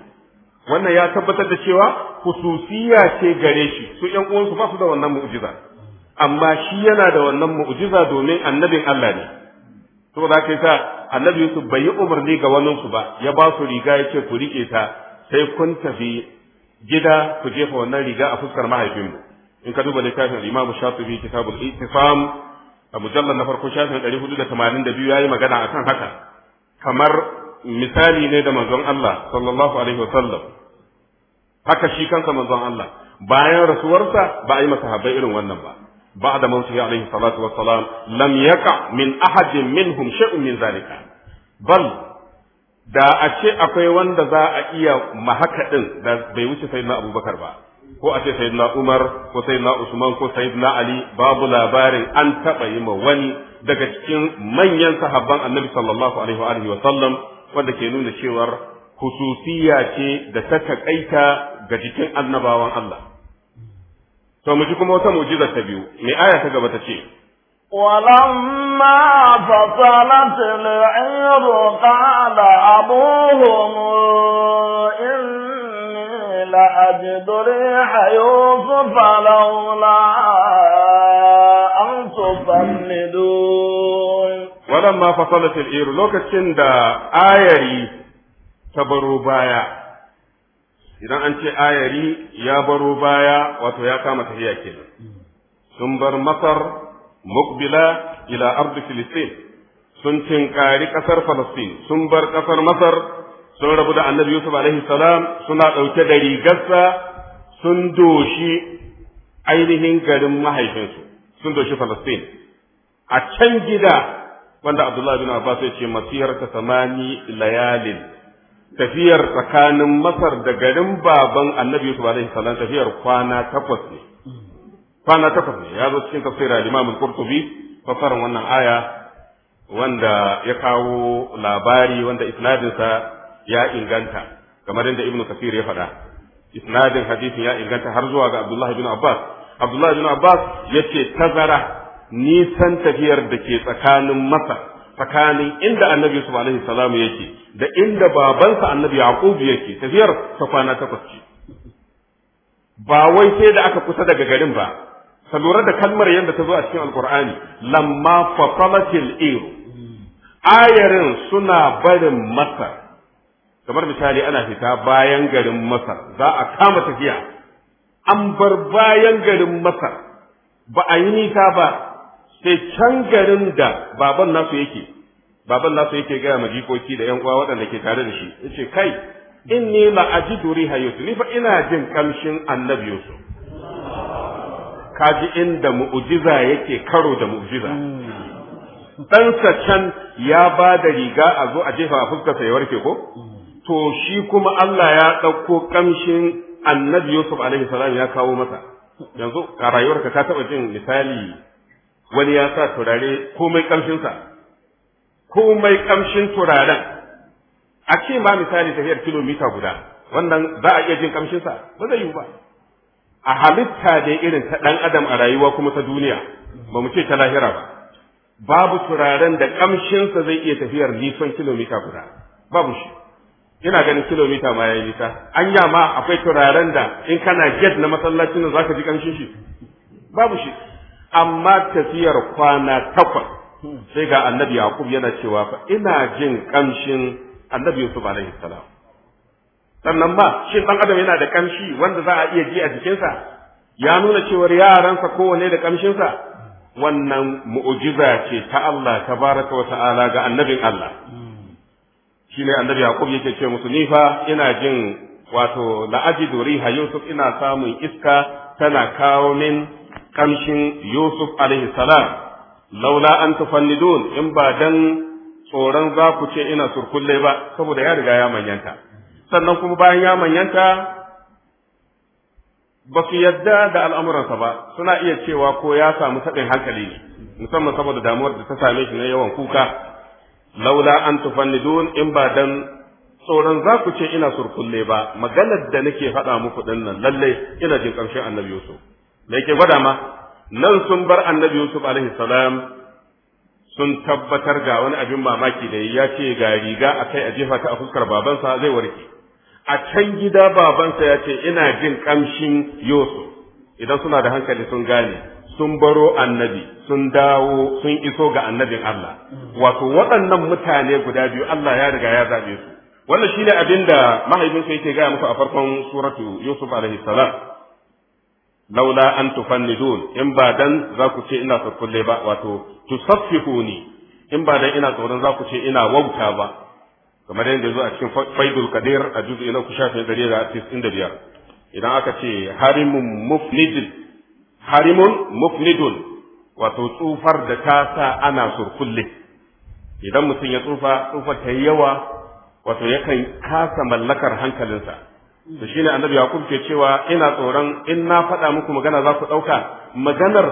C: wannan ya tabbatar da cewa hususiya ce gare shi su ƴan uwansu ba su da wannan mu'jiza amma shi yana da wannan mu'jiza domin annabin Allah ne da kai sa annabi Yusuf bai yi umarni ga waninsu ba ya ba su riga ya ce ku rike ta sai kun tafi gida ku jefa wannan riga a fuskar mahaifinmu in ka duba littafin Imam Shafi'i kitabul Ittifam a mujallar na farko shafin ya yi magana akan haka kamar misali ne da manzon Allah sallallahu alaihi sallam, haka shi kansa manzon Allah bayan rasuwarsa ba a yi masa habbai irin wannan ba بعد موته عليه الصلاة والسلام لم يقع min أحد منهم شيء min ذلك بل da a ce akwai wanda za a iya mahaka ɗin da bai wuce sai abubakar ba ko a ce sayyidina Umar ko sayyidina Usman ko sayyidina Ali babu labarin an taba yi ma wani daga cikin manyan sahabban Annabi sallallahu alaihi wa wa sallam wanda ke nuna cewar hususiya ce da ta takaita ga jikin annabawan Allah to mu ji kuma wata mu'jiza ta biyu me aya ta gaba ta ce
A: ولما فصلت العير قال أبوهم إن لأجد ريح يوسف لولا أن تصندون
C: ولما فصلت الإير لوكتشن دا آيري تبرو بايا idan an ce ayari ya baro baya wato ya kama tafiya kenan sun bar masar mukbila ila ardi filistin sun tinkari ƙasar falastin sun bar ƙasar masar sun rabu da annabi yusuf alaihi salam suna ɗauke da rigarsa sun doshi ainihin garin mahaifinsu sun doshi falastin a can gida wanda abdullahi bin abbas ya ce masiyar ta samani layalin tafiyar tsakanin masar da garin baban annabi yusuf alaihi salam tafiyar kwana takwas ne kwana takwas ne ya zo cikin tafsirin imam al-qurtubi fasaran wannan aya wanda ya kawo labari wanda isnadinsa ya inganta kamar yadda ibnu kasir ya faɗa isnadin hadisin ya inganta har zuwa ga abdullah ibn abbas abdullah ibn abbas yace tazara nisan tafiyar da ke tsakanin masa tsakanin inda annabi yusuf alaihi salamu yake da inda babansa annabi yaqub yake tafiyar ta kwana takwas ce ba wai sai da aka kusa daga garin ba ka lura da kalmar yadda ta zo a cikin alqur'ani lamma fasalatil iru ayarin suna barin masa kamar misali ana fita bayan garin masar za a kama tafiya an bar bayan garin masar ba a yi nisa ba sai can garin da baban nasu yake baban nasu yake gaya ma jikoki da yan uwa waɗanda ke tare da shi yace kai inni la ajidu riha yusuf ni fa ina jin kamshin annabi yusuf kaji inda mu'jiza yake karo da mu'jiza hmm. ɗansa can ya ba da riga a zo a jefa a fuskarsa ya warke ko to shi kuma Allah ya ɗauko ƙamshin annabi Yusuf alaihi salam ya kawo masa yanzu a rayuwarka ka taɓa jin misali wani ya sa turare komai ƙamshinsa komai ƙamshin turaren a ce ma misali tafiyar kilomita guda wannan za a iya jin ƙamshinsa ba zai yiwu ba a halitta da irin ta ɗan adam a rayuwa kuma ta duniya ba mu ce ta lahira ba babu turaren da ƙamshinsa zai iya tafiyar nisan kilomita guda babu shi ina ganin kilomita ma ya yi nisa an ya ma akwai turaren da in kana jet na masallacin nan ka ji kamshin shi babu shi amma tafiyar kwana takwas sai ga annabi yaqub yana cewa fa ina jin kamshin annabi yusuf alaihi salam sannan ba shi dan adam yana da kamshi wanda za a iya ji a jikinsa ya nuna cewar yaransa kowanne da kamshinsa wannan mu'ujiza ce ta Allah ta tabaraka wa ta'ala ga annabin Allah ne annabi yaqub yake ce musu ni fa ina jin wato ajidu riha yusuf ina samun iska tana kawo min kamshin yusuf alaihi salam laula an tufannidun in ba dan tsoron za ku ce ina surkulle ba saboda ya riga ya manyanta sannan kuma bayan ya manyanta ba su yadda da al'amuransa ba suna iya cewa ko ya samu taɗin hankali ne musamman saboda damuwar da ta same shi na yawan kuka laula an tufannidun in ba dan tsoron za ku ce ina surkulle ba maganar da nake faɗa muku ɗin nan lalle ina jin ƙarshen annabi yusuf me yake gwada ma nan sun bar annabi yusuf alaihi salam sun tabbatar ga wani abin mamaki da ya ce ga riga a kai a jefa ta a fuskar babansa zai warke a can gida babansa ya ce ina jin kamshin yusuf idan suna da hankali sun gane sun baro annabi sun dawo sun iso ga annabin Allah wato waɗannan mutane guda biyu Allah ya riga ya zaɓe su wannan shine abin da sai yake gaya muku a farkon suratu Yusuf alaihi salam laula an tufannidun in ba dan za ku ce ina tsakulle ba wato tusaffihuni in ba dan ina tsoron za ku ce ina wauta ba kamar yadda zo a cikin faidul kadir a juz'i na ku shafin 195 idan aka ce harimun mufnidin harimun mufnidun wato tsufar da ta sa ana surkulle idan mutum ya tsufa tsufa ta yi yawa wato yakan kasa mallakar hankalinsa to shine annabi yaqub ke cewa ina tsoron in na faɗa muku magana za ku ɗauka maganar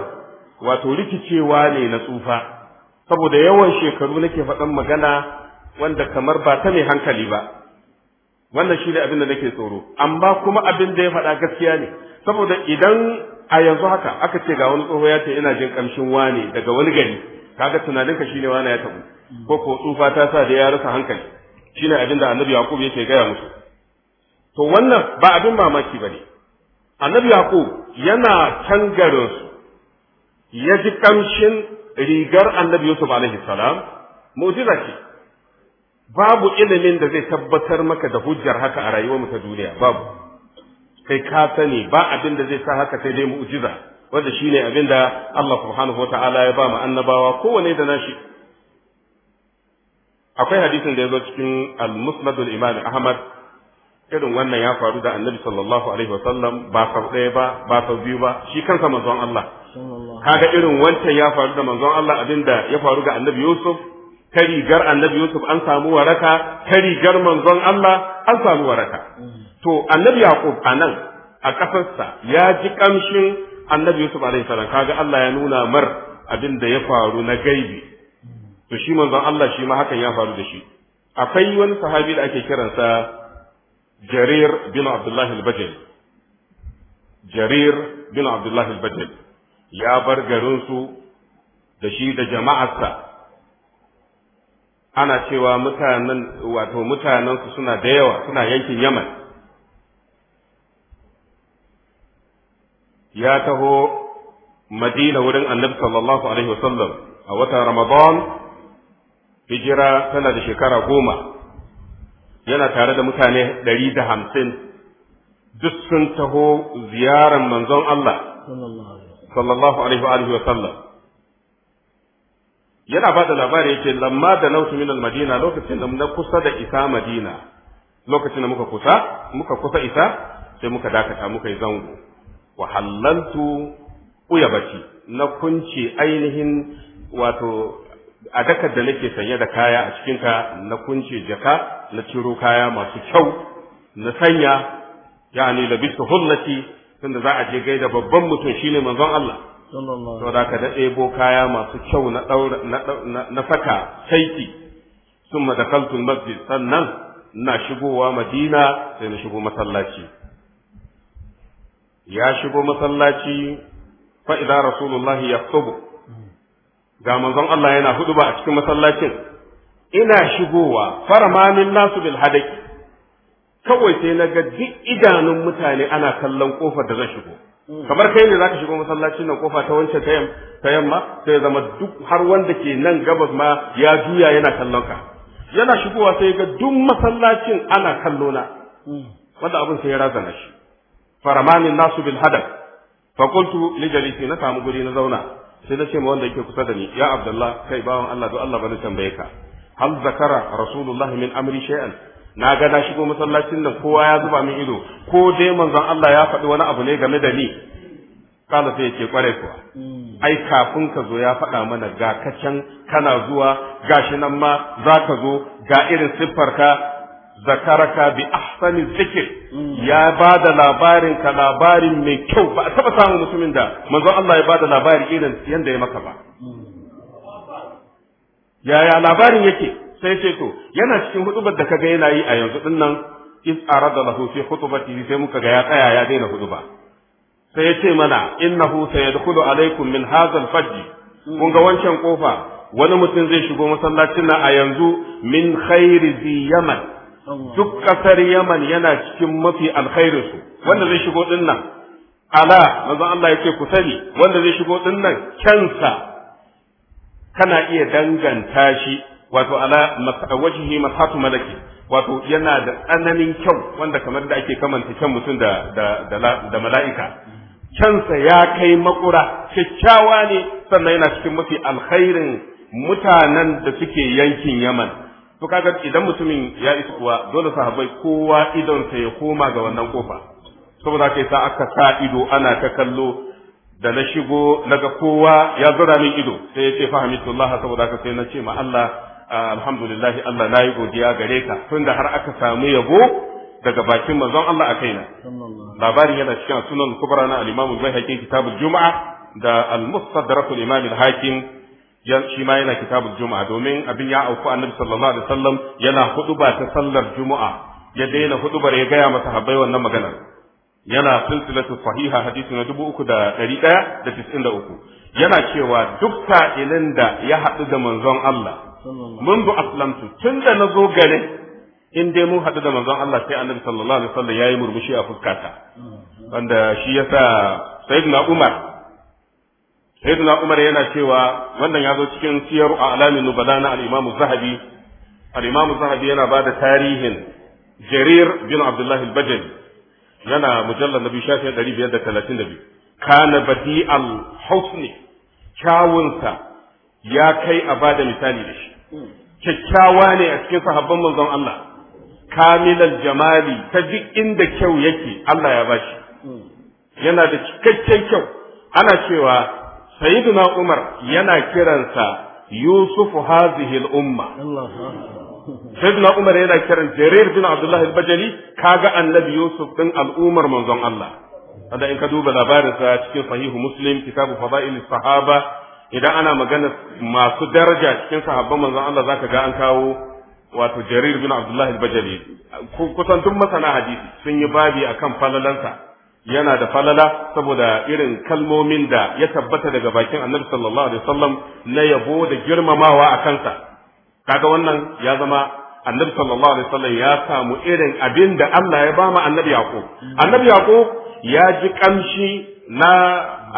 C: wato rikicewa ne na tsufa saboda yawan shekaru nake faɗan magana wanda kamar ba ta mai hankali ba wannan shi ne abin da nake tsoro amma kuma abin da ya faɗa gaskiya ne saboda idan a yanzu haka aka ce ga wani tsoho ya ce ina jin kamshin wane daga wani gari kaga tunaninka shine wane ya tabu ko ko tsufa ta sa da ya rasa hankali shine abin da annabi yaqub yake gaya musu to wannan ba abin mamaki bane annabi yaqub yana can garin ya ji kamshin rigar annabi yusuf alaihi salam mu'jiza ce babu ilimin da zai tabbatar maka da hujjar haka a rayuwar mu ta duniya babu kai ka sani ba abin da zai sa haka sai dai mu'jiza wanda shine abin da Allah subhanahu wataala ya ba mu annabawa kowane da nashi akwai hadisin da ya zo cikin al-musnad al-imam Ahmad irin wannan ya faru da annabi sallallahu alaihi wasallam ba sau ɗaya ba ba sau biyu ba shi kansa manzon Allah
B: kaga irin wancan
C: ya faru da manzon Allah abinda ya faru ga annabi Yusuf karigar annabi Yusuf an samu waraka karigar manzon Allah an samu waraka mm-hmm. to annabi yaqub anan a kafarsa ya ji kamshin annabi yusuf alayhi salam kaga Allah ya nuna mar abin da ya faru na gaibi to shi manzon Allah shi ma hakan ya faru da shi akwai wani sahabi da ake kiransa Jarir bin Abdullah al-Bajali Jarir bin Abdullah al-Bajali ya bar garinsu da shi da jama'arsa ana cewa mutanen wato mutanensu suna da yawa suna yankin Yaman ya taho madina wurin annabi sallallahu alaihi wasallam a watan ramadan hijira tana da shekara goma yana tare da mutane ɗari da hamsin duk sun taho ziyarar manzon Allah sallallahu alaihi wa sallam yana ba da labari yake lamma da nautu minal madina lokacin da na kusa da isa madina lokacin da muka kusa muka kusa isa sai muka dakata muka yi zango wa hallaltu uyabati na kunce ainihin wato a dakar da nake sanye da kaya a cikinta na kunce jaka na ciro kaya masu kyau na sanya yani labisu hullati tunda za a je gaida babban mutum shine manzon
A: Allah to da ka ɗebo
C: kaya masu kyau na daura na saka saiti summa dakaltu masjid sannan na shigowa madina sai na shigo masallaci ya shigo masallaci fa rasulullahi ya yaktubu ga manzon Allah yana hudu ba a cikin masallacin ina shigowa farmanin nasu bil hadaki kawai sai na ga duk idanun mutane ana kallon kofar da zan shigo kamar kai ne zaka shigo masallacin nan kofa ta wancan ta yamma sai zama duk har wanda ke nan gabas ma ya juya yana kallon ka yana shigowa sai ga duk masallacin ana kallona wanda abin sai ya razana shi faramanin nasu bil fa fakultu li jalisi na samu guri na zauna sai na ce ma wanda yake kusa da ni ya abdullah kai bawan allah do allah bani tambaye ka hal zakara rasulullahi min amri shay'an na ga na shigo masallacin nan kowa ya zuba min ido ko dai manzon allah ya faɗi wani abu ne game da ni kala sai yake kware kuwa ai kafin ka zo ya faɗa mana ga kacan kana zuwa gashi nan ma za ka zo ga irin siffarka zakaraka bi ahsani zikir ya ba da labarin ka labarin mai kyau ba a taba samun mutumin da manzo Allah ya bada labarin irin yanda ya maka ba yaya labarin yake sai ce to yana cikin hudubar da kaga yana yi a yanzu din nan iz arada lahu fi khutbatihi sai muka ga ya tsaya ya daina huduba sai ya ce mana innahu sayadkhulu alaikum min hadha al-fajj kun ga wancan kofa wani mutum zai shigo masallacin nan a yanzu min khairi ziyaman duk kasar Yaman yana cikin mafi alkhairin su wanda zai shigo din nan ala manzo Allah yake ku sani wanda zai shigo din nan kansa kana iya danganta shi wato ala wajhi masatu malaki wato yana da tsananin kyau wanda kamar da ake kamanta kyan mutum da da da mala'ika kansa ya kai makura kyakkyawa ne sannan yana cikin mafi alkhairin mutanen da suke yankin Yaman to kaga idan mutumin ya isa kuwa dole sahabbai kowa idonsa ya koma ga wannan kofa saboda haka sa aka sa ido ana ta kallo da na shigo naga kowa ya zura min ido sai ya ce fahimtullah saboda haka sai na ce ma Allah ah, alhamdulillah Allah na yi godiya gare ka tunda har aka samu yabo daga bakin manzon Allah a kaina labarin yana cikin sunan kubra na al-Imam al-Baihaqi kitabul Juma'a da al-Mustadrak al-Imam al-Hakim shi ma yana kitabul juma'a domin abin ya auku annabi sallallahu alaihi wasallam yana huduba ta sallar juma'a ya daina hudubar ya gaya masa habbai wannan magana yana silsilatu sahiha hadisi na dubu uku da ɗari ɗaya da tis'in da uku yana cewa duk sa'ilin da ya haɗu da manzon Allah mun bu aslamtu tun da na zo garin in dai mun haɗu da manzon Allah sai annabi sallallahu alaihi wasallam yayi murmushi a fuskata wanda shi yasa sayyidina Umar sayyiduna umar yana cewa wannan ya zo cikin siyarwa alaminu alamin na al zahabi al zahabi yana ba da tarihin jarir bin abdullahi al-bajali yana mujallar nabi shafin ɗari biyar da talatin da biyu kana badi al-husni kyawunsa ya kai a ba misali da shi kyakkyawa ne a cikin sahabban manzon Allah Kamilar jamali ta duk inda kyau yake Allah ya bashi yana da cikakken kyau ana cewa sayyiduna umar yana kiransa yusufu hazihi al-umma umar yana kiran jarir bin abdullahi al-bajali kaga annabi yusuf ɗin al'ummar manzon Allah wanda in ka duba labarinsa cikin sahihu muslim kitabu fada'il sahaba idan ana magana masu daraja cikin sahabban manzon Allah zaka ga an kawo wato Jarir bin Abdullah al-Bajali kusan duk masana sun yi babi akan falalansa yana da falala saboda irin kalmomin da ya tabbata daga bakin annabi sallallahu alaihi wasallam na yabo da girmamawa a kansa kaga wannan ya zama annabi sallallahu alaihi wasallam ya samu irin abin da Allah ya ba mu annabi yaqub annabi yaqub ya ji kamshi na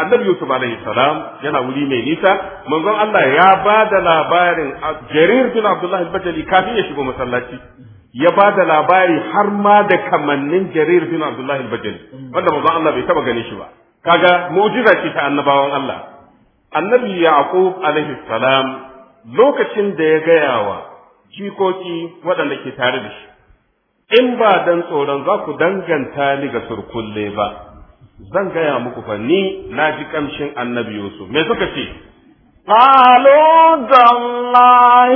C: annabi yusuf alaihi salam yana wuri mai nisa manzon Allah ya ba da labarin jarir bin abdullah al-bajali kafin ya shigo masallaci ya ba da labari har ma da kamannin jarir bin abdullahi al-bajali wanda manzon Allah bai taba gane shi ba kaga mu'jiza ce ta annabawan Allah annabi yaqub alaihi salam lokacin da ya gaya wa jikoki waɗanda ke tare da shi in ba dan tsoron za ku danganta ni ga surkulle ba zan gaya muku fa ni na ji kamshin annabi yusuf me suka ce
A: قالوا تالله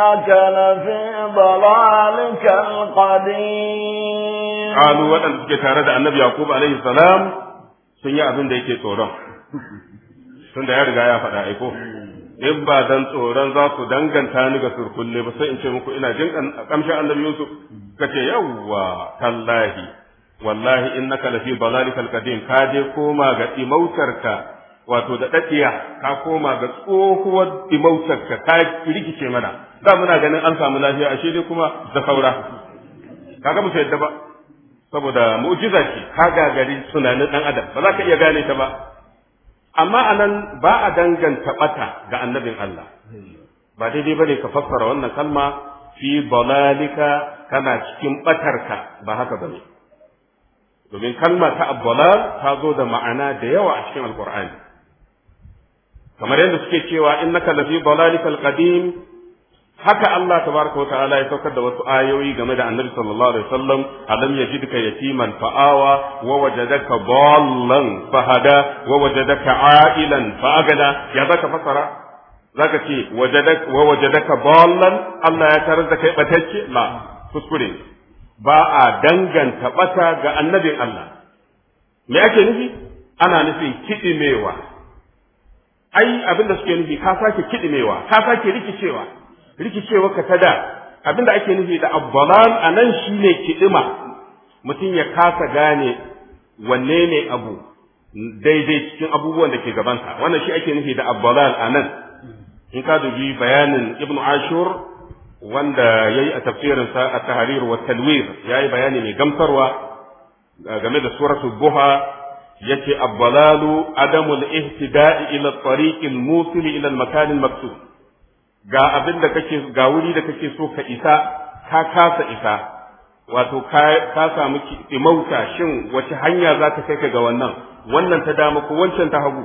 A: إنك لفي ضلالك القديم قالوا
C: وأن Yakubu النبي يعقوب عليه السلام سنيا أبن ديكي تورم tunda ya riga ya faɗa aiko ba dan tsoron za su danganta ni ga surkulle ba sai in ce muku ina jin kamshin annabi Yusuf kace yawwa tallahi wallahi innaka lafi dalalikal kadim ka je koma ga imautarka wato da dakiya ka koma ga tsohuwar imautarka ka rikice mana da muna ganin an samu lafiya shi dai kuma da saura kaga mu yadda ba saboda mu'jiza ce ka gagari tunanin dan adam ba za ka iya gane ta ba amma anan ba a danganta bata ga annabin Allah ba daidai bane ka fassara wannan kalma fi balalika kana cikin batarka ba haka bane domin kalma ta abbalal ta zo da ma'ana da yawa a cikin alqur'ani kamar yadda suke cewa innaka lafi balalikal qadim haka Allah tabaraka wataala ya saukar da wasu ayoyi game da Annabi sallallahu alaihi wasallam alam yajidka yatiman fa'awa wa wajadaka dallan fahada wa wajadaka a'ilan fa'agada ya zaka fasara zaka ce wajadak wa wajadaka dallan Allah ya tarar da kai batacce la kuskure ba a danganta bata ga annabin Allah me ake nufi ana nufin kidimewa ai abinda suke nufi ka sake kidimewa ka sake rikicewa rikicewa ka ta da da ake nufi da abbalan a nan shine kiɗima mutum ya kasa gane wanne ne abu daidai cikin abubuwan da ke gabansa wannan shi ake nufi da abbalan a nan in ka dubi bayanin ibnu ashur wanda ya yi a tafsirinsa a tahrir wa talwir ya yi bayani mai gamsarwa game da suratul buha yace abbalalu adamul ihtida'i ila tariqil musil ila al makan al maktub ga abin da kake ga wuri da kake so ka isa ka kasa isa wato ka samu imauta shin wace hanya za ta kai ka ga wannan wannan ta dama ko wancan ta hagu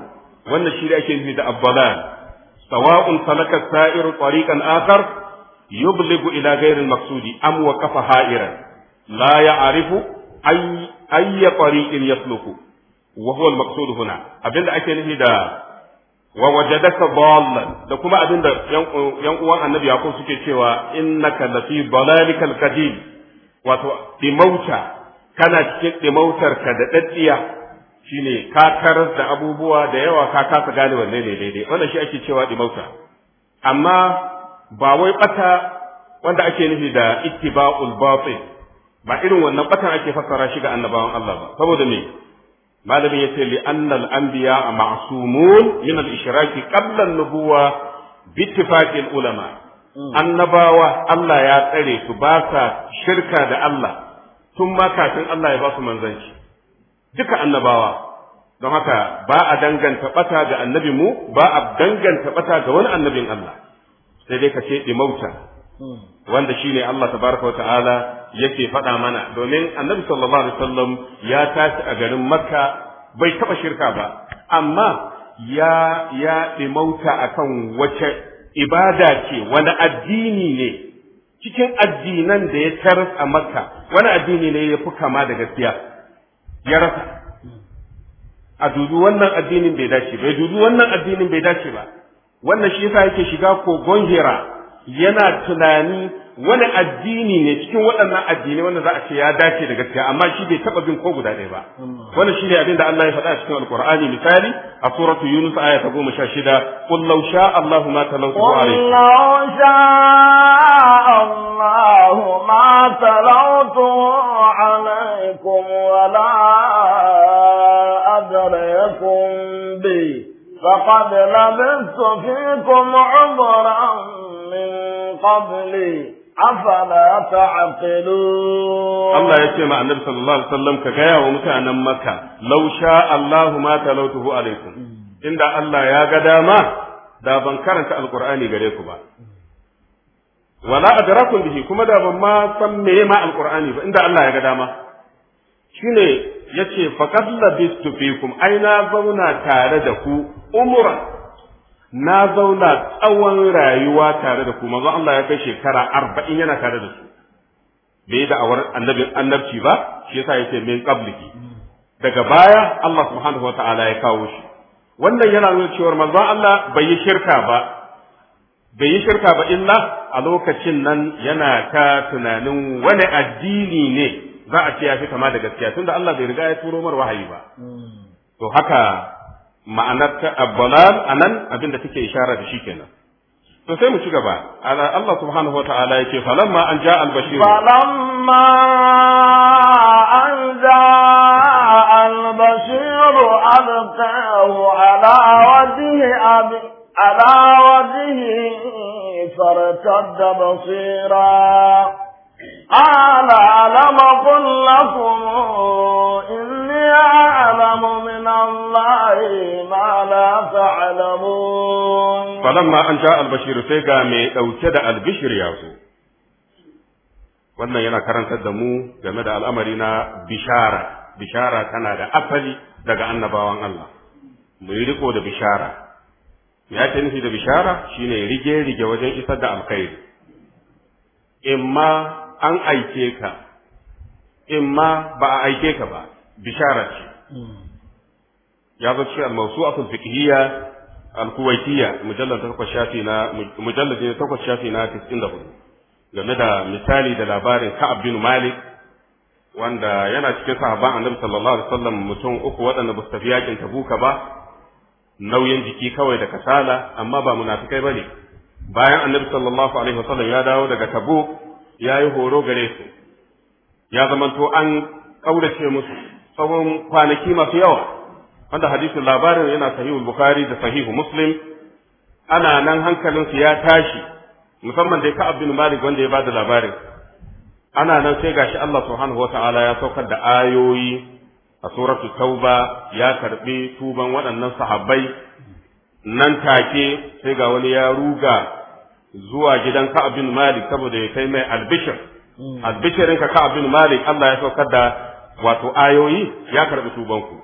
C: wannan shi da ake nufi da abbalan sawa'un salaka sa'iru tariqan akhar yubligu ila ghayri al-maqsudi am wa kafa ha'iran la ya'rifu ay ayya tariqin yasluku wa huwa al-maqsud huna abinda ake nufi da wa wajadaka dallan da kuma abin da yan uwan annabi yakub suke cewa innaka lafi dalalikal qadim wato dimauta kana cikin dimautar ka da daddiya shine ka karar da abubuwa da yawa ka kasa gane wanne ne daidai wannan shi ake cewa dimauta amma ba wai bata wanda ake nufi da ittiba'ul batil ba irin wannan batan ake fassara shi ga annabawan Allah ba saboda me malamin yace li annal anbiya ma'sumun min al-ishraki qabla an-nubuwa bi ittifaqil ulama mm. annabawa Allah ya tsare su ba sa shirka da Allah tun ma kafin Allah ya ba su manzanci duka annabawa don haka ba a danganta bata ga annabi mu ba a danganta bata ga wani annabin Allah sai dai ka ce imauta wanda shine Allah tabaraka wa ta'ala yake faɗa mana domin annabi sallallahu alaihi wasallam ya tashi a garin makka bai taɓa shirka ba amma ya ya dimauta akan wace ibada ce wani addini ne cikin addinan da ya taras a makka wani addini ne ya fi kama da gaskiya ya rasa a dudu wannan addinin bai dace ba dudu wannan addinin bai dace ba wannan shi yasa yake shiga kogon hira yana tunani wani addini ne cikin waɗannan addinai wanda za a ce ya dace da gaskiya amma shi bai taɓa bin ko guda ɗaya ba hmm. wannan shine abin da Allah ya faɗa a cikin alqur'ani misali a suratu yunus aya ta goma sha shida qul law sha Allahu ma talawtu alayhi
A: alaykum wa la adrayakum bi faqad labistu fikum umran qabli afala ta'qilun Allah ya ce ma annabi
C: sallallahu alaihi wasallam ka gaya wa mutanen Makka law sha Allahu ma talawtuhu alaikum inda Allah ya ga dama da ban karanta alqur'ani gare ku ba wala adrakum bihi kuma da ban ma san me ma alqur'ani ba inda Allah ya ga dama shine yace faqad labistu fikum aina zauna tare da ku umuran na zauna tsawon rayuwa tare da ku manzo Allah ya kai shekara arba'in yana tare da su bai da'awar annabin annabci ba shi yasa yake min qabliki daga baya Allah subhanahu wataala ya kawo shi wannan yana nuna cewa manzo Allah bai yi shirka ba bai yi shirka ba illa a lokacin nan yana ta tunanin wani addini ne za a ce ya fi kama da gaskiya tunda Allah bai riga ya turo mar wahayi ba hmm. to haka ma'anar ta abbalal nan abin da take ishara da shi kenan to sai mu ci gaba Allah subhanahu wa ta'ala yake falamma an ja al-bashir
A: falamma an ja al-bashir alqahu ala wajhi abi ala wajhi basira قال ألم أقل لكم إني أعلم من الله ما لا تعلمون فلما
C: أن جاء البشير سيقا مي أوكد البشير يازو wannan yana karantar da mu game da al'amari na bishara bishara tana da asali daga annabawan Allah mu yi riko da bishara ya ce nufi da bishara shine rige rige wajen isar da alkhairi imma an aike ka in ma ba a aike ka ba bishara ce ya zo ce al-mawsu'atul fiqhiyya al-kuwaitiyya mujallad takwas shafi na mujallad ne takwas shafi na 94 game da misali da labarin Ka'ab bin Malik wanda yana cikin sahaban Annabi sallallahu alaihi wasallam mutum uku waɗanda ba su tafi yakin Tabuka ba nauyin jiki kawai da kasala amma ba munafikai bane bayan Annabi sallallahu alaihi wasallam ya dawo daga Tabuk ya yi horo gare su ya zamanto an ƙaurace musu tsawon kwanaki masu yawa wanda hadisin labarin yana sahihu bukhari da sahihu muslim ana nan hankalinsu ya tashi musamman da ka abin malik wanda ya ba da labarin ana nan sai ga shi Allah subhanahu ta'ala ya saukar da ayoyi a suratu tauba ya karɓi tuban waɗannan sahabbai nan take sai ga wani ya ruga zuwa gidan ka abin Malik saboda ya kai mai albishir mm. albishirin ka ka abin Malik Allah ya saukar da wato ayoyi ya karɓi tubanku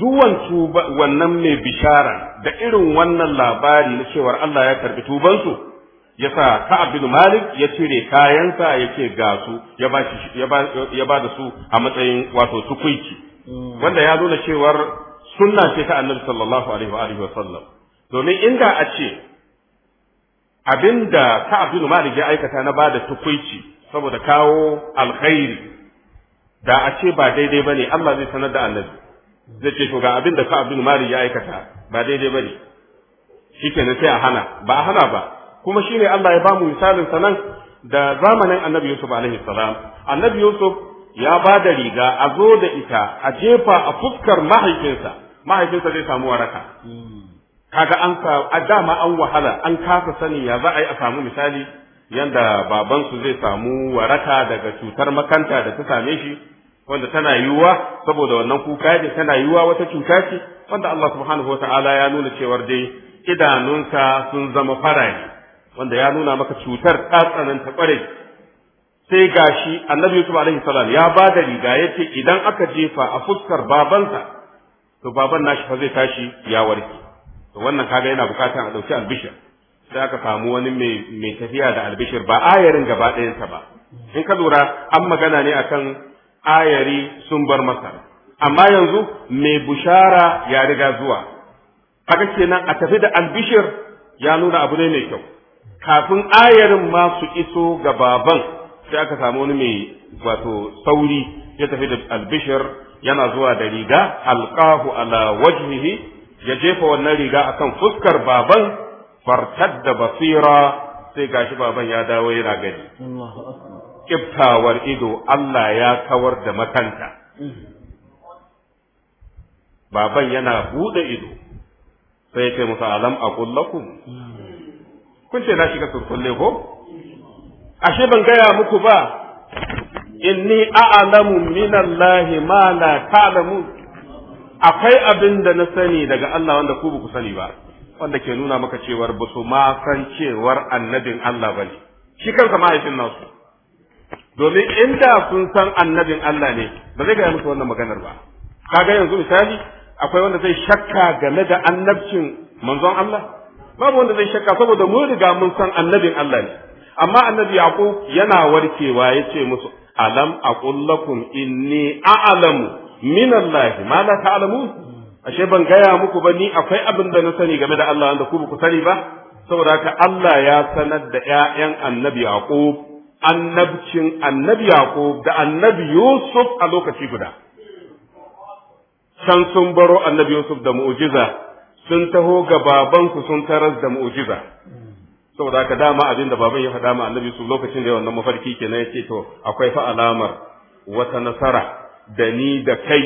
C: zuwan tuba wannan mai bishara da irin wannan labari na cewar Allah ya karɓi tubansu ya sa ka abin Malik ya cire kayansa ya ce ga su ya ba da su a matsayin wato tukuici mm. wanda ya nuna cewar sunna ce ta Annabi sallallahu alaihi wa alihi wa sallam domin inda a ce abinda ka abdul malik ya aikata na bada tukuici saboda kawo alkhairi da a ce ba daidai bane Allah zai sanar da annabi zai ce to ga abinda ka abdul malik ya aikata ba daidai bane ke sai a hana ba a hana ba kuma shine Allah ya ba mu misalin sanan da zamanin annabi yusuf alaihi salam annabi yusuf ya ba da riga a zo da ita a jefa a fuskar mahaifinsa mahaifinsa zai samu waraka hmm. kaga an a dama an wahala an kasa sani ya za a yi a samu misali yanda babansu zai samu waraka daga cutar makanta da ta same shi wanda tana yiwuwa saboda wannan kuka ne tana yiwuwa wata cuta ce wanda Allah subhanahu wa ta'ala ya nuna cewar dai idanunka sun zama farari wanda ya nuna maka cutar ta tsananta kwarai sai gashi annabi yusuf alaihi salam ya ba da riga yace idan aka jefa a fuskar babansa to baban nashi fa zai tashi ya warke to wannan kaga yana bukatar a ɗauki albishir sai aka samu wani mai tafiya da albishir ba ayarin gaba ɗayansa ba in ka lura an magana ne akan ayari sun bar masar amma yanzu mai bushara ya riga zuwa haka kenan a tafi da albishir ya nuna abu ne mai kyau kafin ayarin ma su iso ga baban sai aka samu wani mai wato sauri ya tafi da albishir yana zuwa da riga alqahu ala wajhihi ya jefa wannan riga akan fuskar baban fartad da basira sai gashi baban ya dawo yana gani ido Allah ya kawar da makanta baban yana bude ido sai ya ce musu alam a kullakum kun ce na shiga surkulle ko ashe ban gaya muku ba inni a'lamu minallahi ma la ta'lamun akwai abin da na sani daga Allah wanda ku ku sani ba wanda ke nuna maka cewar ba su ma san cewar annabin Allah ba ne shi kansa mahaifin nasu domin inda sun san annabin Allah ne ba zai gaya musu wannan maganar ba kaga yanzu misali akwai wanda zai shakka game da annabcin manzon Allah babu wanda zai shakka saboda mun riga mun san annabin Allah ne amma annabi yaqub yana warkewa yace musu alam aqul lakum inni a'lamu minallahi ma la ta'lamun ashe ban gaya muku ba ni akwai abin da na sani game da Allah wanda ku ba ku sani ba saboda haka Allah ya sanar da ƴaƴan annabi Yaqub annabcin annabi Yaqub da annabi Yusuf a lokaci guda San sun baro annabi Yusuf da mu'jiza sun taho ga babanku sun taras da mu'jiza saboda haka dama abin da baban ya faɗa ma annabi Yusuf lokacin da ya wannan mafarki kenan ya ce to akwai fa alamar wata nasara da ni da kai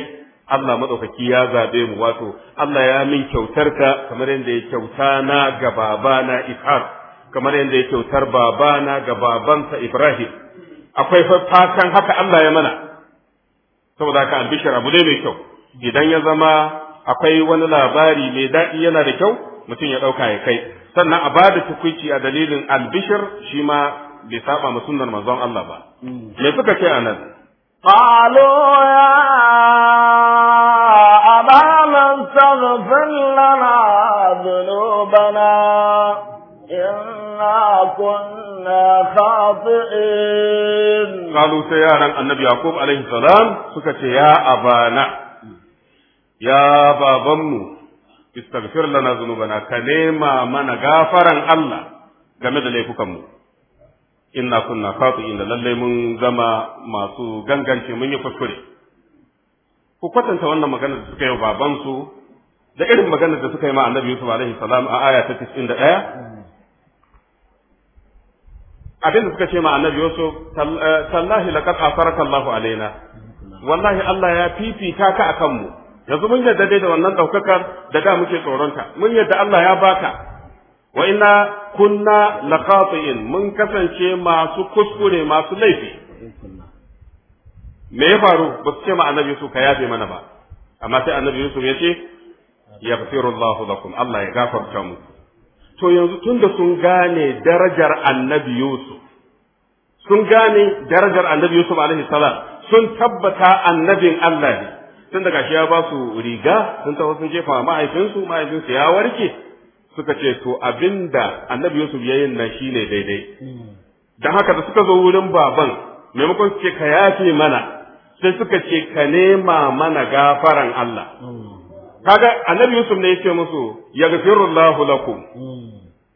C: Allah maɗaukaki ya zaɓe mu wato Allah ya min kyautar ka kamar yadda ya kyauta na ga babana Ishaq kamar yadda ya kyautar babana ga babansa Ibrahim akwai fatan haka Allah ya mana saboda haka albishir abu ne mai kyau idan ya zama akwai wani labari mai daɗi yana da kyau mutum ya ɗauka ya kai sannan a bada tukuici a dalilin albishir shi ma bai saba ma sunnar manzon Allah ba mm. me suka ce anan
A: قالوا يا أبانا استغفر لنا ذنوبنا إنا كنا خاطئين قالوا
C: سيارا النبي يعقوب عليه السلام سكت يا أبانا يا بابمو استغفر لنا ذنوبنا كنيما من غافرا الله game da laifukanmu inna kunna inda lallai mun zama masu ganganci mun yi kuskure ku kwatanta wannan magana da suka yi wa babansu da irin magana da suka yi ma annabi Yusuf alaihi salam a aya ta 91 abin da suka ce ma annabi Yusuf eh, tallahi laqad asaraka Allah alaina wallahi Allah ya fifita ka akan mu yanzu mun yadda dai da wannan daukakar da da muke tsoronta mun yadda Allah ya baka wa inna kunna laqatin mun kasance masu kuskure masu laifi me ya faru ba su ce ma annabi Yusuf ka yafe mana ba amma sai annabi Yusuf ya ce Allah lakum Allah ya gafarta mu to yanzu tunda sun gane darajar annabi Yusuf sun gane darajar annabi Yusuf alaihi salam sun tabbata annabin Allah ne tun daga shi ya ba su riga sun taho sun jefa ma'aikinsu ma'aikinsu ya warke suka ce to abinda annabi Yusuf ya yin nan shine daidai hmm. dan haka da suka zo wurin baban maimakon su ce ka yafe mana sai suka ce ka nema mana gafaran Allah hmm. kaga annabi Yusuf ne ya ce musu yaghfirullahu lakum hmm.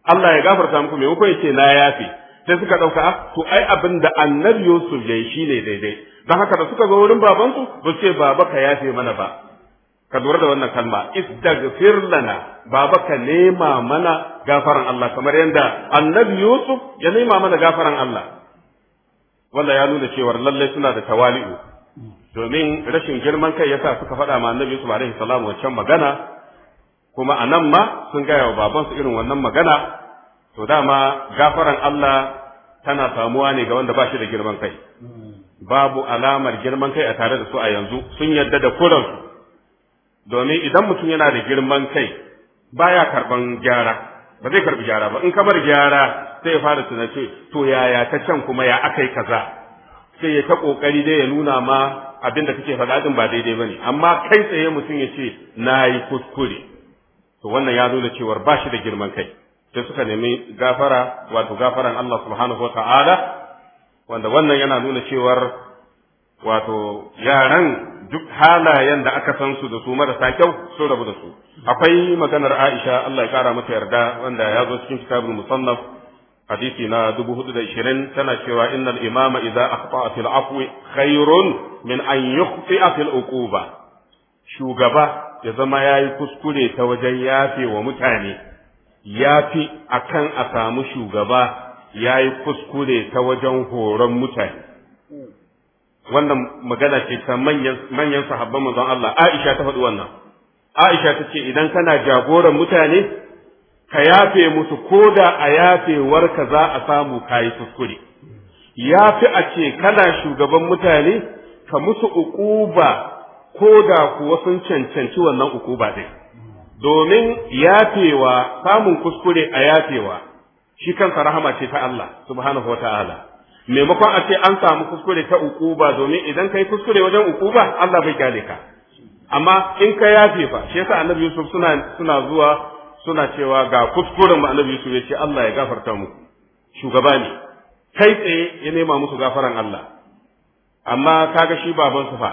C: Allah ya gafarta muku maimakon ya ce na yafe sai suka ɗauka ah, to ai abin da annabi Yusuf ya yi shine daidai dan haka da suka zo wurin su ba ce baba ka yafe mana ba ka lura da wannan kalma istaghfir lana baba ka nema mana gafaran Allah kamar yadda annabi Yusuf ya nema mana gafaran Allah wallahi ya nuna cewa lalle suna da tawali'u domin rashin girman kai yasa suka faɗa ma annabi Yusuf alaihi salamu wancan magana kuma a nan ma sun gaya wa babansu irin wannan magana to dama gafaran Allah tana samuwa ne ga wanda ba shi da girman kai babu alamar girman kai a tare da su a yanzu sun yarda da kuransu domin idan mutum yana da girman kai baya karban gyara ba zai karbi gyara ba in kamar gyara sai ya fara tunace to yaya ta can kuma ya akai kaza sai ya ta kokari dai ya nuna ma abin da kake faɗa ba daidai bane amma kai tsaye mutum ya ce na yi kuskure to wannan ya nuna cewar ba shi da girman kai sai suka nemi gafara wato gafaran Allah subhanahu ta'ala wanda wannan yana nuna cewar wato yaran duk halayen da aka san su da su marasa kyau sun rabu da su akwai maganar Aisha Allah ya kara mata yarda wanda ya zo cikin kitabul musannaf hadisi na 420 tana cewa innal imama idza akhta'a fil afwi khairun min an yukhti'a fil uquba shugaba ya zama yayi kuskure ta wajen yafe wa mutane yafi akan a samu shugaba yayi kuskure ta wajen horon mutane wannan magana ce ta manyan manyan sahabban manzon Allah Aisha ta faɗi wannan Aisha ta ce idan kana jagoran mutane ka yafe musu ko da a ka za a samu kayi kuskure yafi a ce kana shugaban mutane ka musu ukuba koda da kuwa sun cancanci wannan ukuba din domin yafewa samun kuskure a yafewa shi kansa rahama ce ta Allah subhanahu wa maimakon a ce an samu kuskure ta ukuba domin idan kai kuskure wajen ukuba Allah bai gane ka amma in ka yafe fa shi yasa annabi Yusuf suna suna zuwa suna cewa ga kuskuren mu annabi Yusuf ya ce Allah ya gafarta mu, shugaba ne kai tsaye ya nema musu gafaran Allah amma kaga shi baban su fa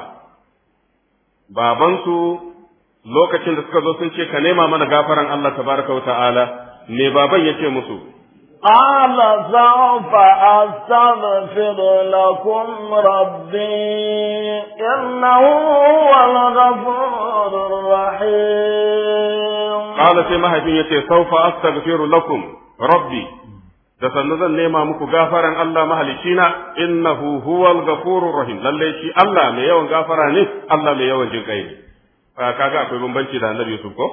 C: baban su lokacin da suka zo sun ce ka nema mana gafaran Allah tabaraka wa ta'ala ne baban yace musu
A: قال سوف أستغفر لكم ربي إنه هو الغفور الرحيم قال في
C: مهدية سوف أستغفر لكم ربي da sannu zan nema muku gafara Allah mahalicina innahu huwal ghafurur rahim lalle shi Allah mai yawan gafara ne Allah mai yawan jin kai ne ah, kaga akwai bambanci da Annabi Yusuf ko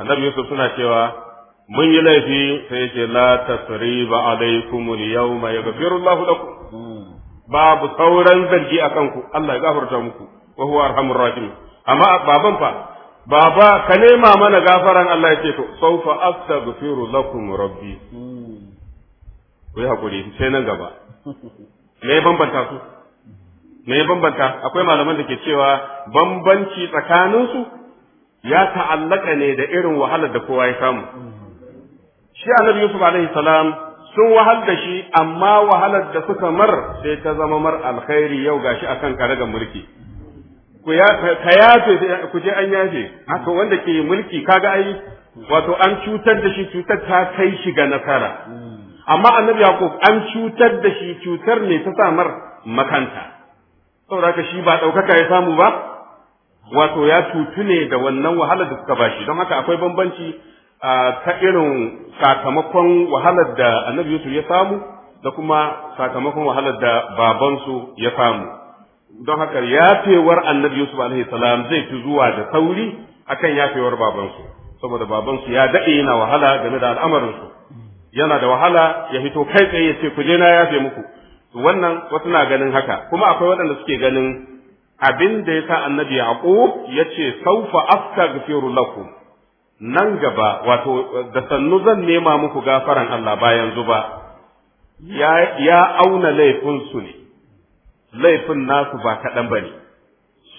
C: Annabi Yusuf suna cewa mun yi laifi sai ce la tasriba alaikum al-yawma yaghfiru Allahu lakum babu sauran zargi akan ku Allah ya gafarta muku wa huwa arhamur rahim amma baban fa baba ka nema mana gafaran Allah ya ce to sawfa astaghfiru lakum rabbi ku yi hakuri sai nan gaba me bambanta su me bambanta akwai malaman da ke cewa bambanci tsakaninsu ya ta'allaka ne da irin wahalar da kowa ya samu shi annabi yusuf alaihi salam sun wahal da shi amma wahalar da suka mar sai ta zama mar alkhairi yau gashi akan karagar mulki ku ya ku je an yafe haka wanda ke mulki kaga ai wato an cutar da shi cutar ta kai shi ga nasara amma annabi yaqub an cutar da shi cutar ne ta samar makanta saboda haka shi ba daukaka ya samu ba wato ya cutu ne da wannan wahalar da suka bashi don haka akwai bambanci ta irin sakamakon wahalar da annabi Yusuf ya samu da kuma sakamakon wahalar da babansu ya samu don haka yafewar annabi Yusuf alaihi salam zai fi zuwa da sauri akan yafewar babansu saboda babansu ya daɗe yana wahala game da al'amarinsu yana da wahala ya hito kai tsaye ya ce ku je na yafe muku wannan wasu na ganin haka kuma akwai waɗanda suke ganin abin da ya sa annabi yaqub ya ce saufa astaghfiru lakum nan gaba wato da sannu zan nema muku gafaran Allah ba yanzu ba ya ya auna laifinsu ne laifin nasu ba kaɗan ba ne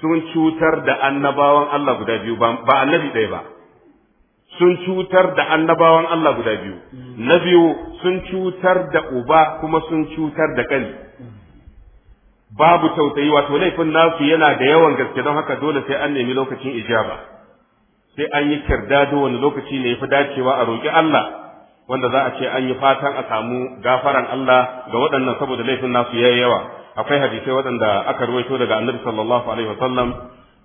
C: sun cutar da annabawan Allah guda biyu ba annabi ɗaya ba sun cutar da annabawan Allah guda biyu na sun cutar da uba kuma sun cutar da kani babu tausayi wato laifin nasu yana da yawan gaske don haka dole sai an nemi lokacin ijaba sai an yi kirdado wani lokaci ne ya fi dacewa a roƙi Allah wanda za a ce an yi fatan a samu gafaran Allah ga waɗannan saboda laifin nasu yayi yawa akwai hadisai waɗanda aka ruwaito daga Annabi sallallahu alaihi sallam,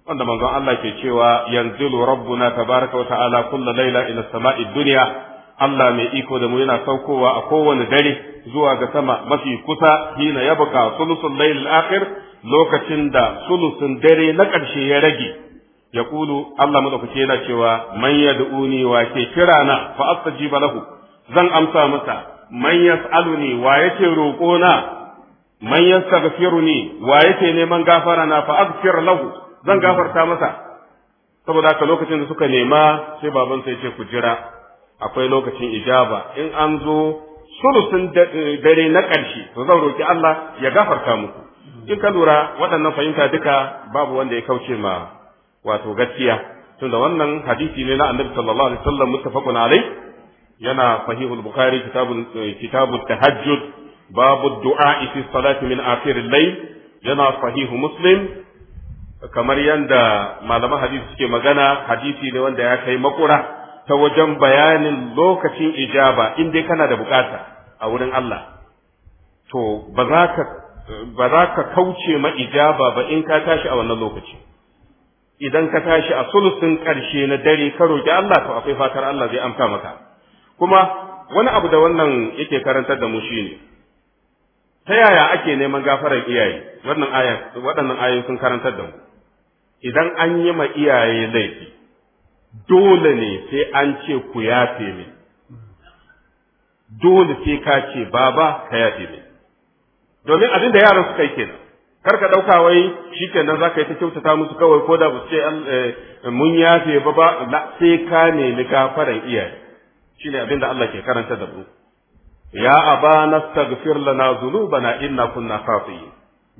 C: wanda manzon Allah ke cewa yanzilu rabbuna tabaraka wa ta'ala kullu laila ila sama'i dunya Allah mai iko da mu yana saukowa a kowane dare zuwa ga sama mafi kusa hina yabka sulusul lailil akhir lokacin da sulusun dare na ƙarshe ya rage ya kulu Allah madaukake yana cewa man yad'uni wa ke kira na fa astajiba lahu zan amsa masa man yas'aluni wa yake roƙo na man ne wa yake neman gafara na fa aghfir lahu zan gafarta masa saboda haka lokacin da suka nema sai baban sai ce ku jira akwai lokacin ijaba in an zo sulusun dare na ƙarshe to zan roƙi Allah ya gafarta muku in ka lura waɗannan fahimta duka babu wanda ya kauce ma wato gaskiya tunda wannan hadisi ne na annabi sallallahu alaihi wasallam muttafaqun alai yana sahihul bukhari kitabun eh, kitabut tahajjud babu du'a fi salati min akhir al-layl yana sahihu muslim kamar yanda malaman hadisi suke magana hadisi ne wanda ya kai makura ta wajen bayanin lokacin ijaba in dai kana da bukata a wurin Allah to ba za ka ba za ka kauce ma ijaba ba in ka tashi a wannan lokaci idan ka tashi a sulusun ƙarshe na dare ka roƙi Allah to akwai fatar Allah zai amsa maka kuma wani abu da wannan yake karantar da mu shine ta yaya ake neman gafarar iyaye wannan aya waɗannan ayoyi sun karantar da mu idan an yi ma iyaye laifi dole ne sai an ce ku yafe min dole sai ka ce baba ka yafe min domin abin da yaran suka yi kenan kar ka ɗauka wai shi kenan za ka yi ta kyautata musu kawai ko da ba su ce eh, mun yafe ba ba la sai ka nemi gafaran iyaye shi ne abin da Allah ke karanta da mu ya aba nastaghfir lana dhunubana inna kunna khafi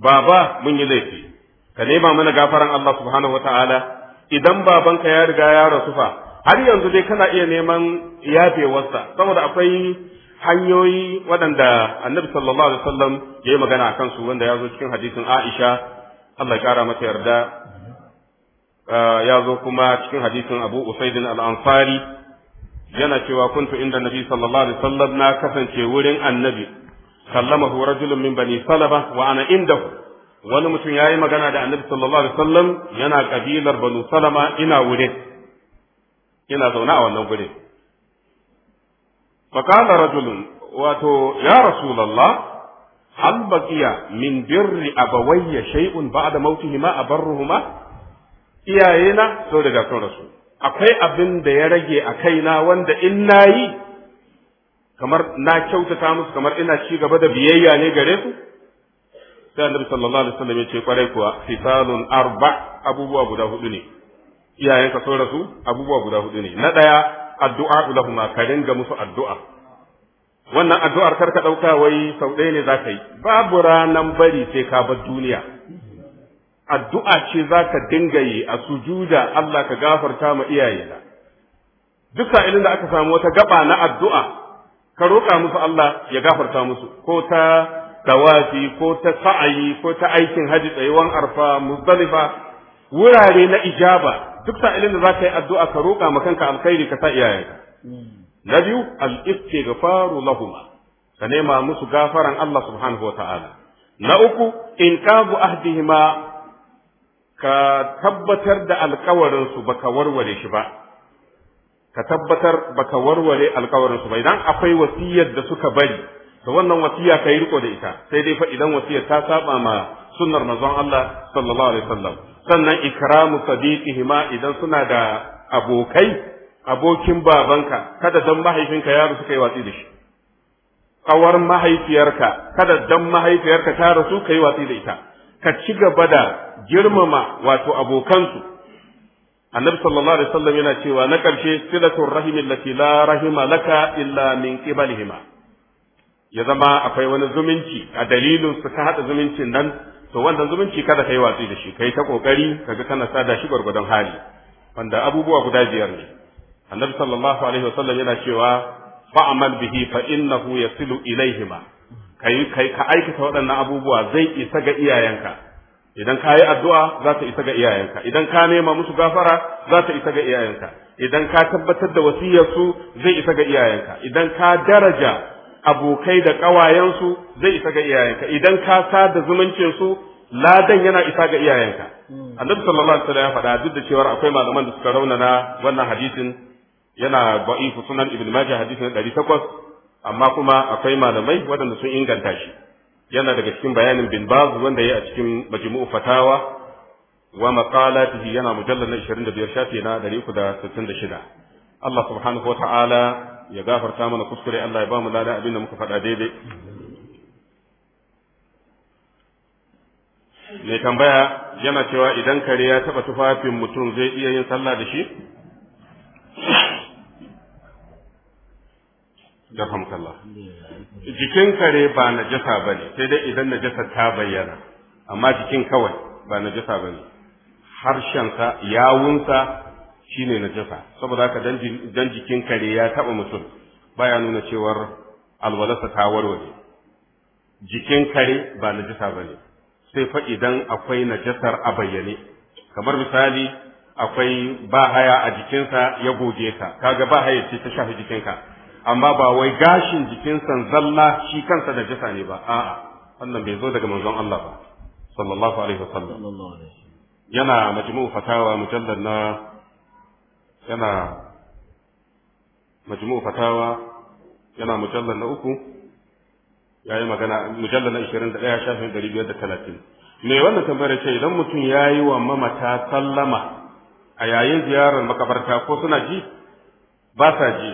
C: baba mun yi laifi ka nema mana gafaran Allah subhanahu wataala idan babanka ya riga ya rasu fa har yanzu dai kana iya neman yafewarsa saboda akwai hanyoyi waɗanda annabi sallallahu alaihi wasallam ya yi magana a kansu wanda ya zo cikin hadisin aisha allah ya kara mata yarda ah, ya zo kuma cikin hadisin abu usaidin al'amfari yana cewa kuntu inda nabi sallallahu alaihi wasallam na kasance wurin annabi kallamahu rajulun min bani salaba wa ana inda wani mutum ya yi magana da annabi sallallahu alaihi wasallam yana kabilar banu salama ina wurin ina zaune a wannan gurin فقال رجل واتو يا رسول الله هل بقي من بر أبوي شيء بعد موتهما أبرهما iyayena sun riga sun rasu akwai abin da ya rage a kaina wanda in na yi kamar na kyautata musu kamar ina ci gaba da biyayya ne gare su sai annabi sallallahu alaihi wasallam ya ce kwarai kuwa fisalun arba abubuwa guda hudu ne iyayenka sun rasu abubuwa guda hudu ne na daya addu'a lahuma ka ringa musu addu'a wannan addu'ar karka ka ɗauka wai sau ɗaya ne za ka yi babu ranan bari sai ka bar duniya addu'a ce za ka dinga yi a sujuda Allah ka gafarta ma iyayena duk sa'ilin da aka samu wata gaba na addu'a ka roƙa musu Allah ya gafarta musu ko ta tawafi ko ta sa'ayi ko ta aikin haji tsayuwan arfa muzdalifa wurare na ijaba duk sa'ilin da za ka yi addu'a ka roƙa ma kanka alkhairi ka sa iyayenka na biyu ga faru lahuma ka nema musu gafaran Allah subhanahu wa ta'ala na uku in kabu ahdihima ka tabbatar da alkawarin su baka warware shi ba ka tabbatar baka warware alkawarinsu su ba idan akwai wasiyar da suka bari to wannan wasiya ka yi riko da ita sai dai fa idan wasiyar ta saba ma sunnar manzon Allah sallallahu alaihi wasallam sannan ikramu ma idan suna da abokai abokin babanka kada dan mahaifinka ya suka kai watsi da shi kawar mahaifiyarka kada dan mahaifiyarka ta rasu kai watsi da ita ka ci gaba da girmama wato abokansu annabi sallallahu alaihi wasallam yana cewa na karshe silatul rahim allati la rahima laka illa min qibalihima ya zama akwai wani zumunci a dalilin su ka hada zumuncin nan to wannan zumunci kada kai watsi da shi kai ta kokari kaga kana sada shi gwargwadon hali wanda abubuwa guda biyar ne annabi sallallahu alaihi wasallam yana cewa amal bihi fa innahu yasilu ilaihima kai kai ka aikata waɗannan abubuwa zai isa ga iyayenka idan ka yi addu'a za ta isa ga iyayenka idan ka nema musu gafara za ta isa ga iyayenka idan ka tabbatar da wasiyarsu zai isa ga iyayenka idan ka daraja abokai da ƙawayensu zai isa ga iyayenka idan ka sa sada zumuncinsu ladan yana isa ga iyayenka hmm. annabi sallallahu alaihi wasallam ya faɗa duk da cewa akwai malaman da suka raunana wannan hadisin yana ba'ifu sunan ibn majah hadisin 800 amma kuma akwai malamai waɗanda sun inganta shi yana daga cikin bayanin bin baz wanda yayi a cikin majmu'u fatawa wa maqalatihi yana mujallal na 25 shafi na 366 Allah subhanahu wa ta'ala ya gafarta mana kuskure Allah ya ba mu lada abin da muka faɗa daidai mai tambaya yana cewa idan kare ya taɓa tufafin mutum zai iya yin sallah da shi? sallah. Jikin kare ba na jasa ba ne, sai dai idan na jasa ta bayyana, amma jikin kawai ba na jasa ba ne. Harshensa, yawunsa, shine najasa saboda haka dan jikin kare ya taba mutum baya nuna cewar alwalasa ta warware jikin kare ba najasa ne sai fa idan akwai najasar a bayyane kamar misali akwai bahaya a jikinsa ya goge ta kaga bahaya ce ta shafi jikinka amma ba wai gashin jikinsa zalla shi kansa najasa ne ba a'a wannan bai zo daga manzon Allah ba sallallahu alaihi wasallam yana majmu'u fatawa mujallad na yana majmu fatawa yana mujalla na uku ya yi magana mujalla na ishirin da ɗaya shafin ɗari biyar da talatin me wannan tambayar ce idan mutum ya yi wa mamata sallama a yayin ziyarar makabarta ko suna ji ba sa ji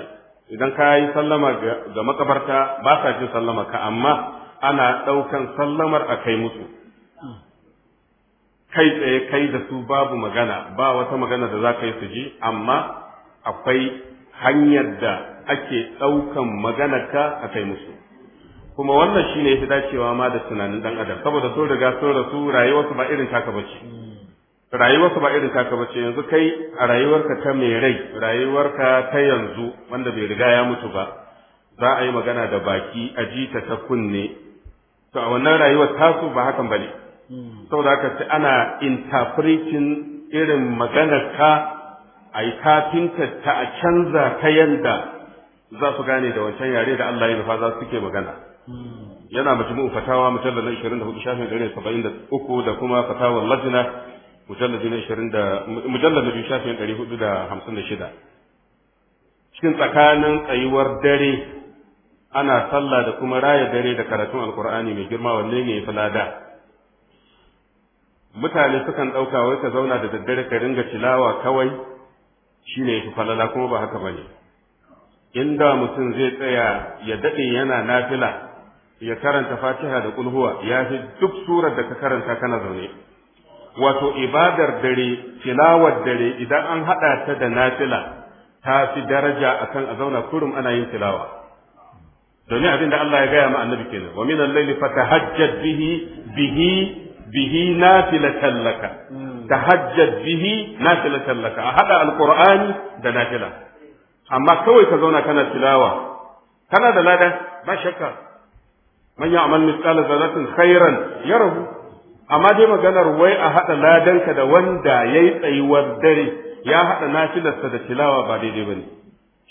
C: idan ka yi sallama ga makabarta ba sa jin sallama ka amma ana ɗaukan sallamar a kai musu kai tsaye kai da su babu magana ba wata magana da za ka yi su ji amma akwai hanyar da ake ɗaukan maganarka a kai musu kuma wannan shine ya fi dacewa ma da tunanin ɗan adam saboda sun riga sun rasu rayuwarsu ba irin taka bace rayuwarsu ba irin taka bace yanzu kai a rayuwarka ta mai rai rayuwarka ta yanzu wanda bai riga ya mutu ba za a yi magana da baki a ji ta ta kunne to a wannan rayuwar tasu ba hakan ba ne. saboda haka ce ana interpreting irin maganar ka a yi kafinta ta a canza ta yanda za su gane da wancan yare da Allah ya nufa za su ke magana yana majmu'u fatawa mujallal 24 shafin 73 da kuma fatawar lajina mujallal 20 shafin gare 456 cikin tsakanin tsayuwar dare ana sallah da kuma raya dare da karatun alkur'ani mai girma wanne ne ya fi lada mutane sukan ɗauka wai ka zauna da daddare ka ringa tilawa kawai shi ne fi falala kuma ba haka ba ne inda mutum zai tsaya ya daɗe yana nafila ya karanta fatiha da kulhuwa ya fi duk surar da ka karanta kana zaune wato ibadar dare tilawar dare idan an haɗa ta da nafila ta fi daraja akan a zauna kurum ana yin tilawa domin abin da Allah ya gaya ma annabi kenan wa min al-layli fatahajjat bihi bihi bihi nafilatan laka hmm. tahajjad bihi nafilatan laka a hada alqur'ani da nafila amma kawai ka zauna kana tilawa kana da lada ba shakka man ya'mal mithqala dharratin khairan yarahu amma dai maganar wai a haɗa ladanka da wanda yayi tsayuwar dare ya hada nafilarsa da tilawa ba daidai ne.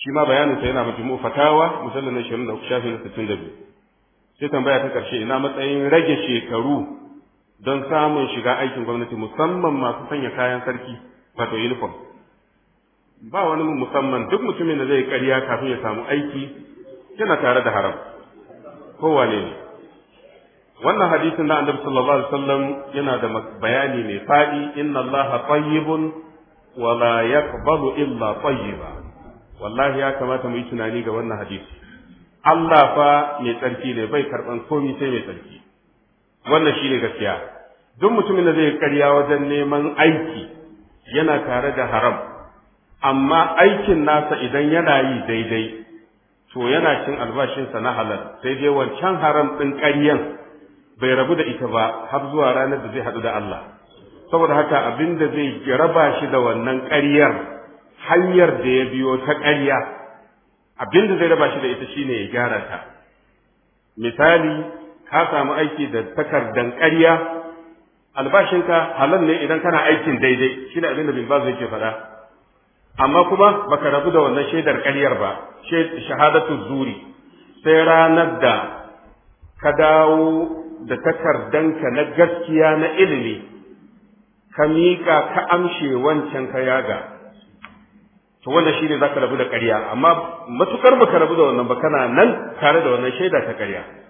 C: shi ma sa yana majmu fatawa musallin 23 shafin 62 sai tambaya ta karshe ina matsayin rage shekaru don samun shiga aikin gwamnati musamman masu sanya kayan sarki wato uniform ba wani musamman duk mutumin da zai karya kafin ya samu aiki yana tare da haram kowane ne wannan hadisin da annabi sallallahu alaihi wasallam yana da bayani mai fadi inna allaha tayyibun wa la yaqbalu illa tayyiba wallahi ya kamata mu yi tunani ga wannan hadisi Allah fa mai tsarki ne bai karban komai sai mai tsarki wannan shine gaskiya duk mutumin da zai karya wajen neman aiki yana tare da haram amma aikin nasa idan yana yi daidai to yana cin albashinsa na halal sai dai wancan haram ɗin ƙaryan bai rabu da ita ba har zuwa ranar da zai haɗu da Allah saboda haka abin da zai raba shi da wannan ƙaryar hanyar da ya biyo ta ƙarya abin da zai raba shi da ita shine ya gyara ta misali ka samu aiki da takardan ƙarya albashinka halal ne idan kana aikin daidai shi ne abin da bin baz yake faɗa amma kuma baka rabu da wannan shaidar ƙaryar ba shahadatu zuri sai ranar da ka dawo da takardanka na gaskiya na ilimi ka miƙa ka amshe wancan ka yaga to wannan shi za zaka rabu da ƙarya amma matukar baka rabu da wannan ba kana nan tare da wannan shaida ta ƙarya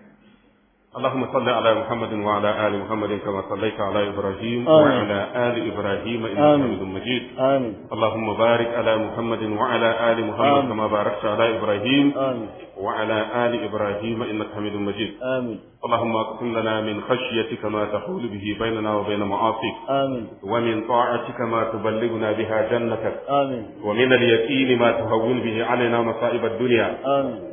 C: اللهم صل على محمد وعلى ال محمد كما صليت على ابراهيم آمين. وعلى ال ابراهيم انك حميد مجيد آمين. اللهم بارك على محمد وعلى ال محمد آمين. كما باركت على ابراهيم آمين. وعلى ال ابراهيم انك حميد مجيد آمين. اللهم اقسم لنا من خشيتك ما تحول به بيننا وبين معاصيك آمين. ومن طاعتك ما تبلغنا بها جنتك آمين. ومن اليقين ما تهون به علينا مصائب الدنيا آمين.